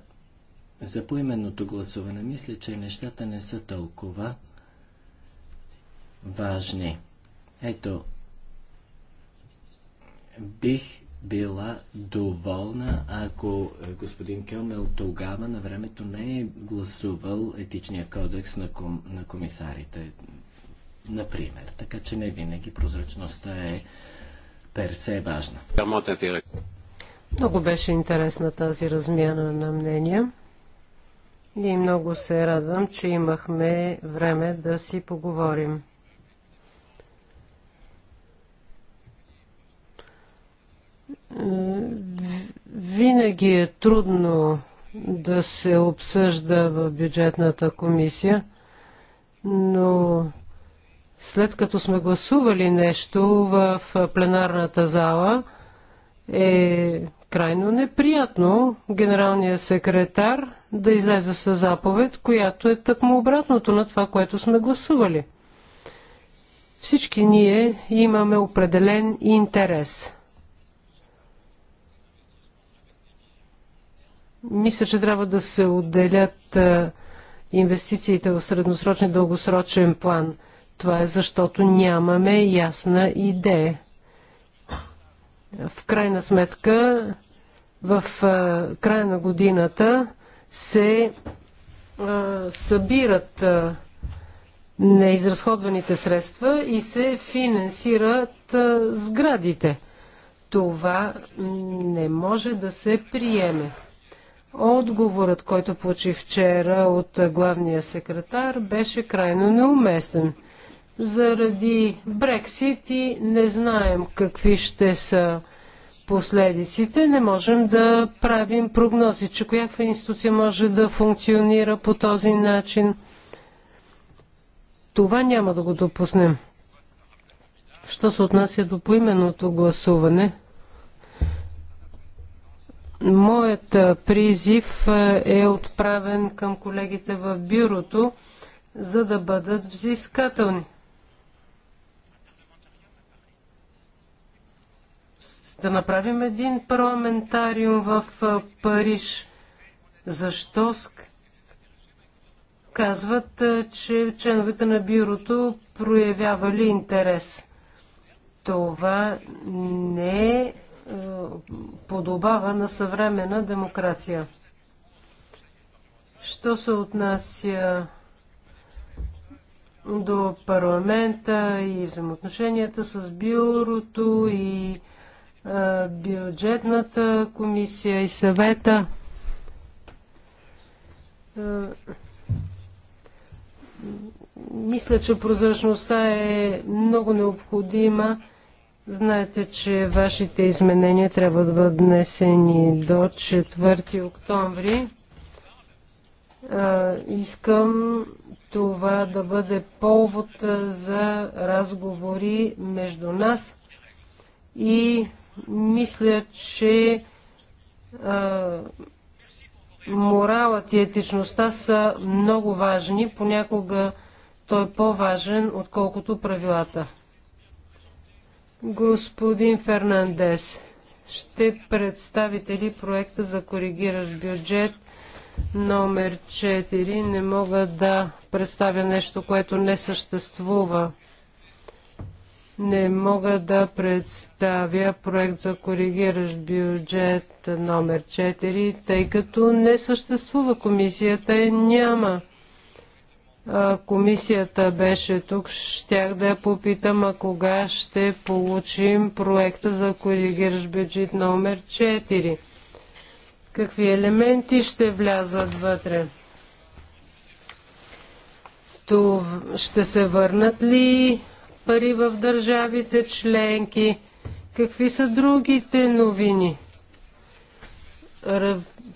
за поименното гласуване, мисля, че нещата не са толкова важни. Ето, бих била доволна, ако господин Кьомел тогава на времето не е гласувал етичния кодекс на, ком, на комисарите например. Така че не винаги прозрачността е персе е важна. Много беше интересна тази размяна на мнения. И много се радвам, че имахме време да си поговорим. Винаги е трудно да се обсъжда в бюджетната комисия, но след като сме гласували нещо в пленарната зала, е крайно неприятно генералният секретар да излезе с заповед, която е тъкмо обратното на това, което сме гласували. Всички ние имаме определен интерес. Мисля, че трябва да се отделят инвестициите в средносрочен и дългосрочен план. Това е защото нямаме ясна идея. В крайна сметка, в края на годината се събират неизразходваните средства и се финансират сградите. Това не може да се приеме. Отговорът, който получи вчера от главния секретар, беше крайно неуместен. Заради Брексит и не знаем какви ще са последиците, не можем да правим прогнози, че кояква институция може да функционира по този начин. Това няма да го допуснем. Що се отнася до поименното гласуване, моят призив е, е отправен към колегите в бюрото, за да бъдат взискателни. да направим един парламентариум в Париж. Защо? Казват, че членовете на бюрото проявявали интерес. Това не е подобава на съвременна демокрация. Що се отнася до парламента и взаимоотношенията с бюрото и е, бюджетната комисия и съвета. Е, мисля, че прозрачността е много необходима. Знаете, че вашите изменения трябва да бъдат внесени до 4 октомври. Е, искам това да бъде повод за разговори между нас и мисля, че а, моралът и етичността са много важни. Понякога той е по-важен, отколкото правилата. Господин Фернандес, ще представите ли проекта за коригиращ бюджет номер 4? Не мога да представя нещо, което не съществува. Не мога да представя проект за коригиращ бюджет номер 4, тъй като не съществува комисията и няма. А, комисията беше тук, щях да я попитам, а кога ще получим проекта за коригиращ бюджет номер 4. Какви елементи ще влязат вътре? ще се върнат ли пари в държавите членки. Какви са другите новини?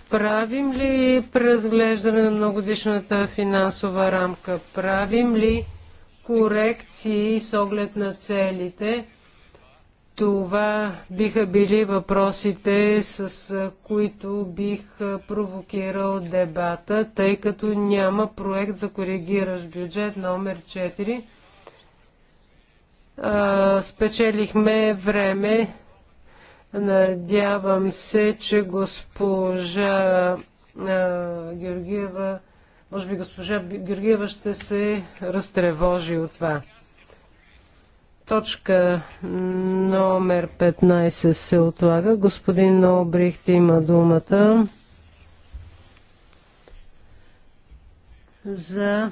Правим ли преразглеждане на многодишната финансова рамка? Правим ли корекции с оглед на целите? Това биха били въпросите, с които бих провокирал дебата, тъй като няма проект за коригиращ бюджет номер 4 спечелихме време. Надявам се, че госпожа Георгиева, може би госпожа Георгиева ще се разтревожи от това. Точка номер 15 се отлага. Господин Обрихт има думата за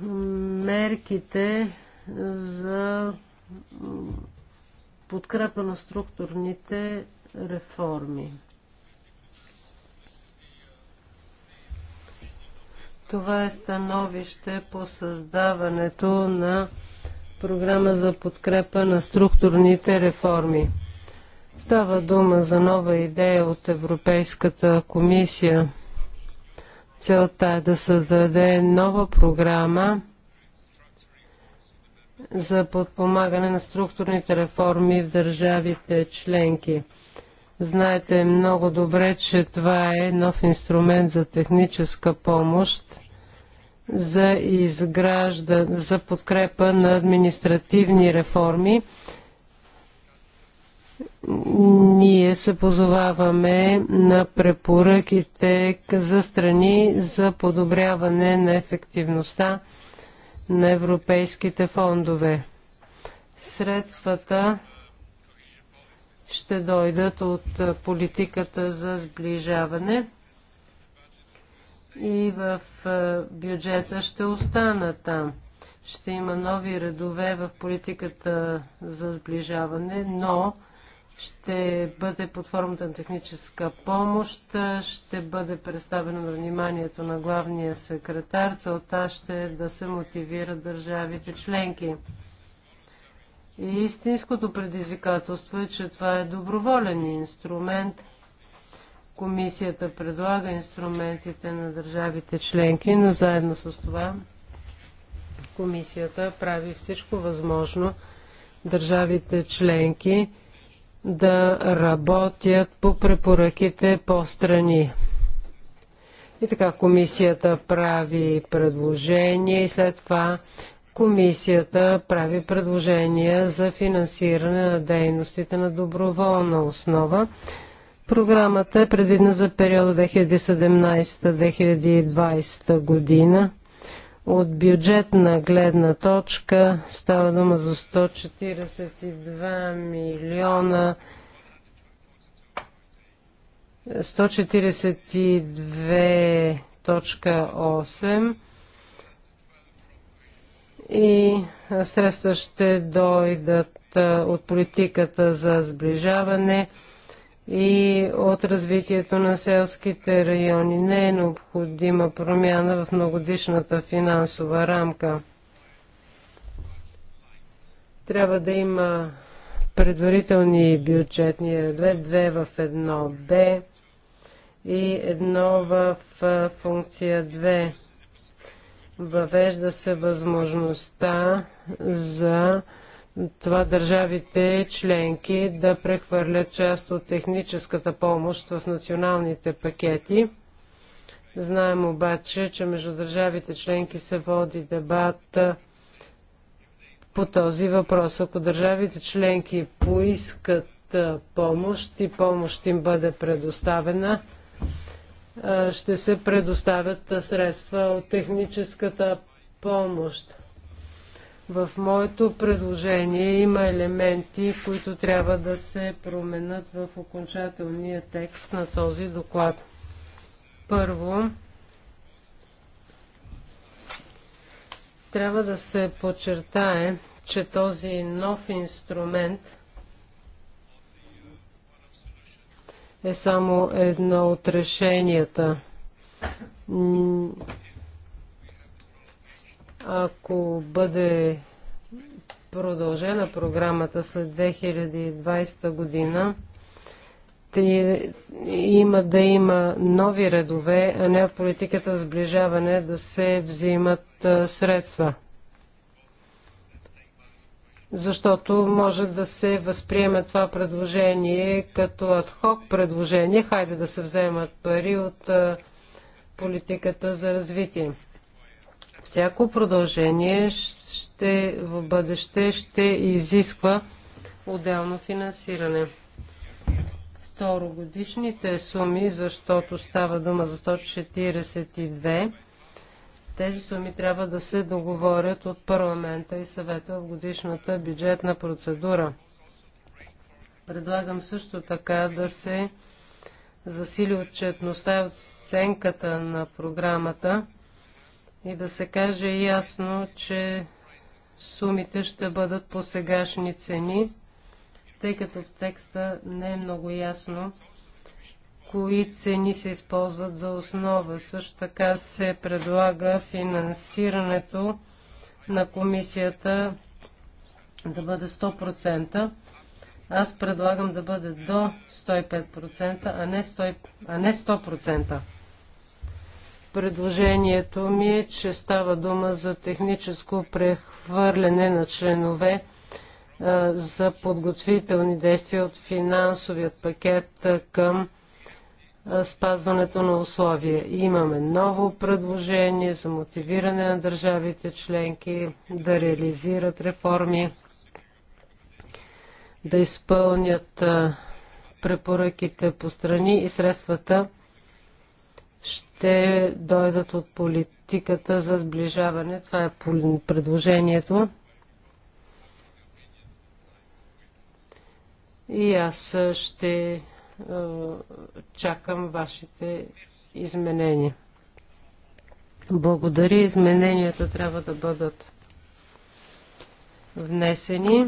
мерките за подкрепа на структурните реформи. Това е становище по създаването на програма за подкрепа на структурните реформи. Става дума за нова идея от Европейската комисия. Целта е да създаде нова програма за подпомагане на структурните реформи в държавите членки. Знаете много добре, че това е нов инструмент за техническа помощ за изгражда, за подкрепа на административни реформи. Ние се позоваваме на препоръките за страни за подобряване на ефективността на европейските фондове. Средствата ще дойдат от политиката за сближаване и в бюджета ще остана там. Ще има нови редове в политиката за сближаване, но ще бъде под формата на техническа помощ, ще бъде представено на вниманието на главния секретар. Целта ще е да се мотивират държавите членки. И истинското предизвикателство е, че това е доброволен инструмент. Комисията предлага инструментите на държавите членки, но заедно с това комисията прави всичко възможно държавите членки да работят по препоръките по страни. И така комисията прави предложение и след това комисията прави предложения за финансиране на дейностите на доброволна основа. Програмата е предвидна за периода 2017-2020 година. От бюджетна гледна точка става дума за 142 милиона 142.8 и средства ще дойдат от политиката за сближаване и от развитието на селските райони. Не е необходима промяна в многодишната финансова рамка. Трябва да има предварителни бюджетни редове, две в едно Б и едно в функция 2. Въвежда се възможността за това държавите членки да прехвърлят част от техническата помощ в националните пакети. Знаем обаче, че между държавите членки се води дебат по този въпрос. Ако държавите членки поискат помощ и помощ им бъде предоставена, ще се предоставят средства от техническата помощ. В моето предложение има елементи, които трябва да се променят в окончателния текст на този доклад. Първо, трябва да се подчертае, че този нов инструмент е само едно от решенията ако бъде продължена програмата след 2020 година, има да има нови редове, а не от политиката сближаване да се взимат средства. Защото може да се възприеме това предложение като адхок предложение. Хайде да се вземат пари от политиката за развитие. Всяко продължение ще, в бъдеще ще изисква отделно финансиране. Второ, годишните суми, защото става дума за 142, тези суми трябва да се договорят от парламента и съвета в годишната бюджетна процедура. Предлагам също така да се засили отчетността и оценката на програмата и да се каже ясно, че сумите ще бъдат по сегашни цени, тъй като в текста не е много ясно кои цени се използват за основа. Също така се предлага финансирането на комисията да бъде 100%. Аз предлагам да бъде до 105%, а не, 100%. Предложението ми е, че става дума за техническо прехвърляне на членове за подготвителни действия от финансовият пакет към спазването на условия. Имаме ново предложение за мотивиране на държавите членки да реализират реформи, да изпълнят препоръките по страни и средствата ще дойдат от политиката за сближаване. Това е предложението. И аз ще чакам вашите изменения. Благодаря. Измененията трябва да бъдат внесени.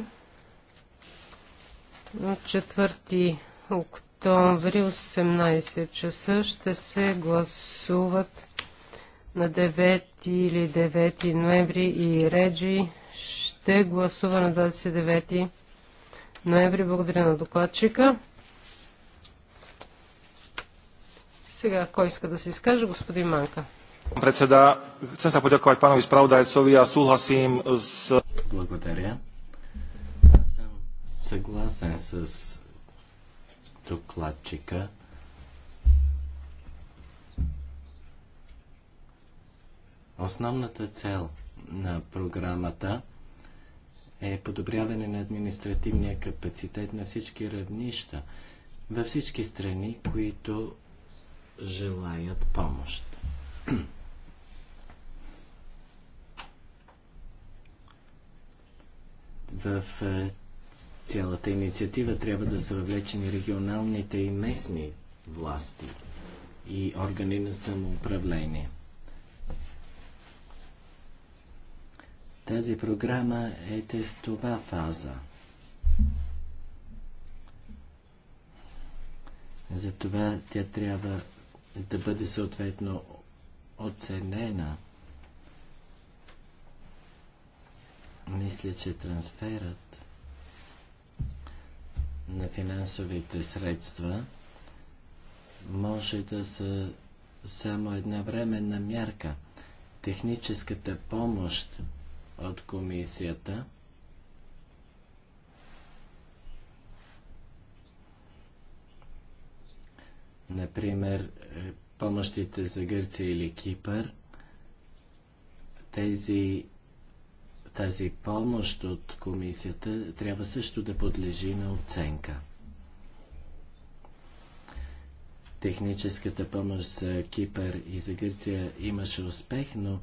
4 октомври октомври 18 часа ще се гласуват на 9 или 9 ноември и Реджи ще гласува на 29 ноември. Благодаря на докладчика. Сега, кой иска да се изкаже? Господин Манка. Председа, chcem sa poďakovať pánovi spravodajcovi a súhlasím с... Благодаря. Аз съм съгласен с докладчика. Основната цел на програмата е подобряване на административния капацитет на всички равнища във всички страни, които желаят помощ. В е, цялата инициатива трябва да са въвлечени регионалните и местни власти и органи на самоуправление. Тази програма е тестова фаза. Затова тя трябва да бъде съответно оценена. Мисля, че трансферът на финансовите средства може да са само една временна мярка. Техническата помощ от комисията Например, е, помощите за Гърция или Кипър, тези тази помощ от комисията трябва също да подлежи на оценка. Техническата помощ за Кипър и за Гърция имаше успех, но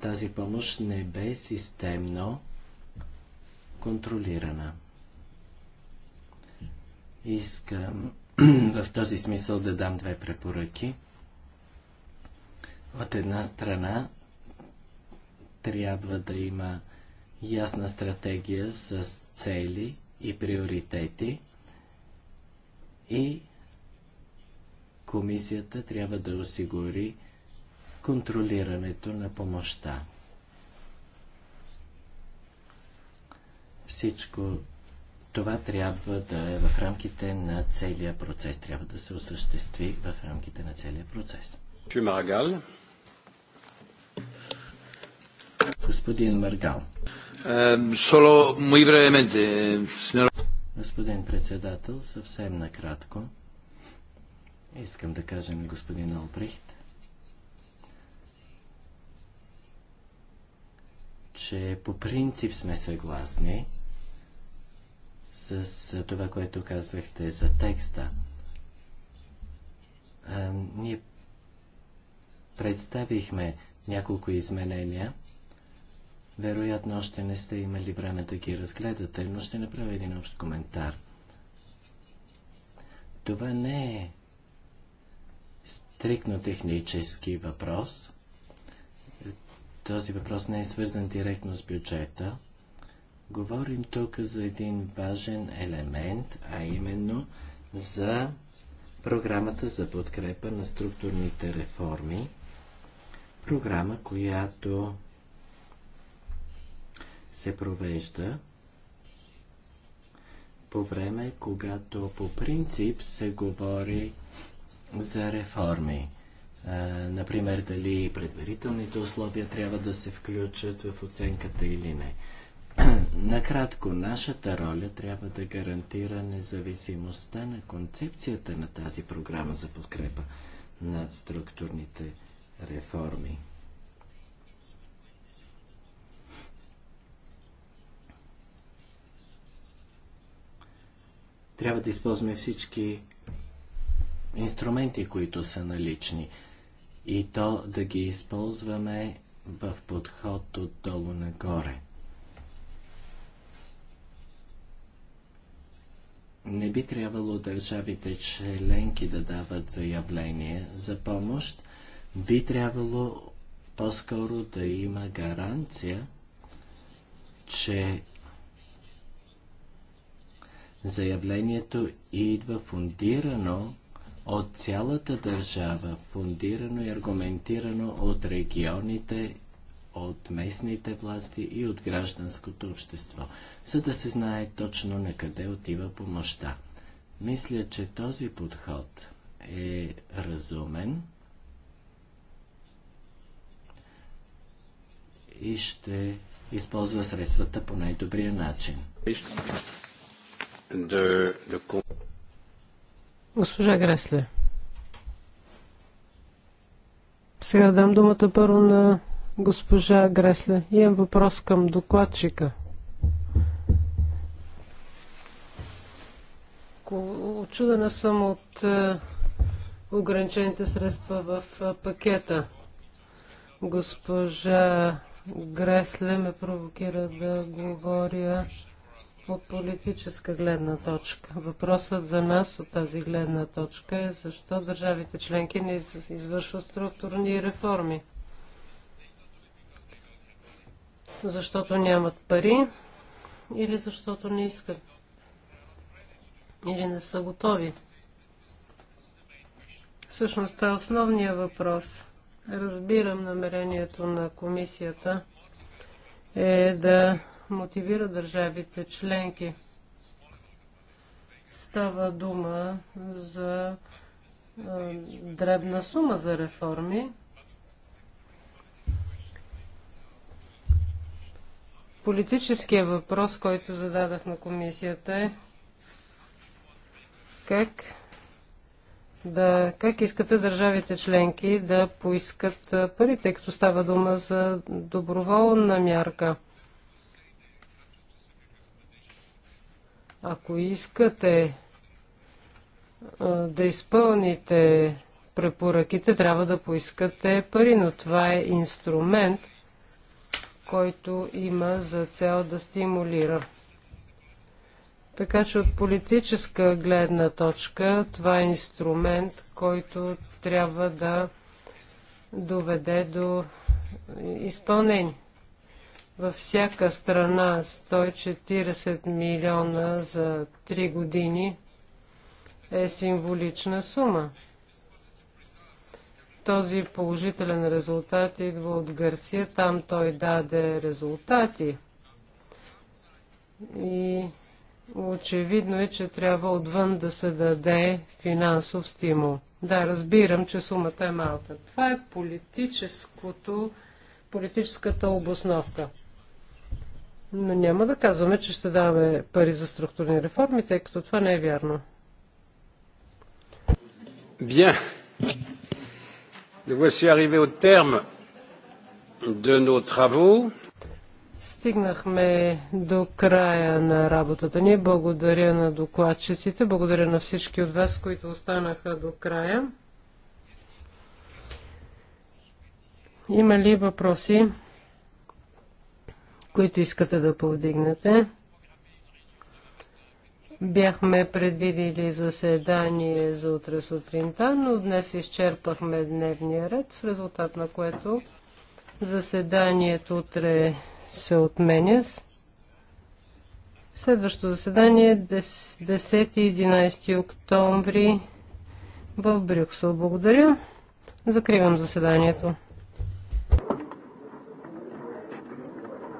тази помощ не бе системно контролирана. Искам в този смисъл да дам две препоръки. От една страна трябва да има ясна стратегия с цели и приоритети и комисията трябва да осигури контролирането на помощта. Всичко това трябва да е в рамките на целия процес, трябва да се осъществи в рамките на целия процес. Марагал. Господин Маргал. Е, Соло, Господин председател, съвсем накратко. Искам да кажа на господин Албрехт, че по принцип сме съгласни с това, което казвахте за текста. А, е, ние представихме няколко изменения – вероятно още не сте имали време да ги разгледате, но ще направя един общ коментар. Това не е стрикно технически въпрос. Този въпрос не е свързан директно с бюджета. Говорим тук за един важен елемент, а именно за програмата за подкрепа на структурните реформи. Програма, която се провежда по време, когато по принцип се говори за реформи. Например, дали предварителните условия трябва да се включат в оценката или не. Накратко, нашата роля трябва да гарантира независимостта на концепцията на тази програма за подкрепа на структурните реформи. Трябва да използваме всички инструменти, които са налични и то да ги използваме в подход отдолу нагоре. Не би трябвало държавите членки да дават заявление за помощ, би трябвало по-скоро да има гаранция, че Заявлението идва фундирано от цялата държава, фундирано и аргументирано от регионите, от местните власти и от гражданското общество, за да се знае точно на къде отива помощта. Мисля, че този подход е разумен и ще използва средствата по най-добрия начин de, de... Госпожа Гресле. Сега дам думата първо на госпожа Гресле. Имам въпрос към докладчика. Очудена съм от е, ограничените средства в е, пакета. Госпожа Гресле ме провокира да говоря от политическа гледна точка. Въпросът за нас от тази гледна точка е защо държавите членки не извършват структурни реформи. Защото нямат пари или защото не искат или не са готови. Всъщност това е основният въпрос. Разбирам намерението на комисията е да мотивира държавите членки. Става дума за дребна сума за реформи. Политическия въпрос, който зададах на комисията е как да, как искате държавите членки да поискат пари, тъй като става дума за доброволна мярка – Ако искате да изпълните препоръките, трябва да поискате пари, но това е инструмент, който има за цел да стимулира. Така че от политическа гледна точка това е инструмент, който трябва да доведе до изпълнение във всяка страна 140 милиона за 3 години е символична сума. Този положителен резултат идва от Гърсия. Там той даде резултати. И очевидно е, че трябва отвън да се даде финансов стимул. Да, разбирам, че сумата е малка. Това е политическото, политическата обосновка. Но няма да казваме, че ще даваме пари за структурни реформи, тъй като това не е вярно. Bien. Nous voici arrivés au terme de nos travaux. Стигнахме до края на работата ни. Благодаря на докладчиците, благодаря на всички от вас, които останаха до края. Има ли въпроси? които искате да повдигнете. Бяхме предвидили заседание за утре сутринта, но днес изчерпахме дневния ред, в резултат на което заседанието утре се отменя. Следващото заседание е 10 и 11 октомври в Брюксел. Благодаря. Закривам заседанието.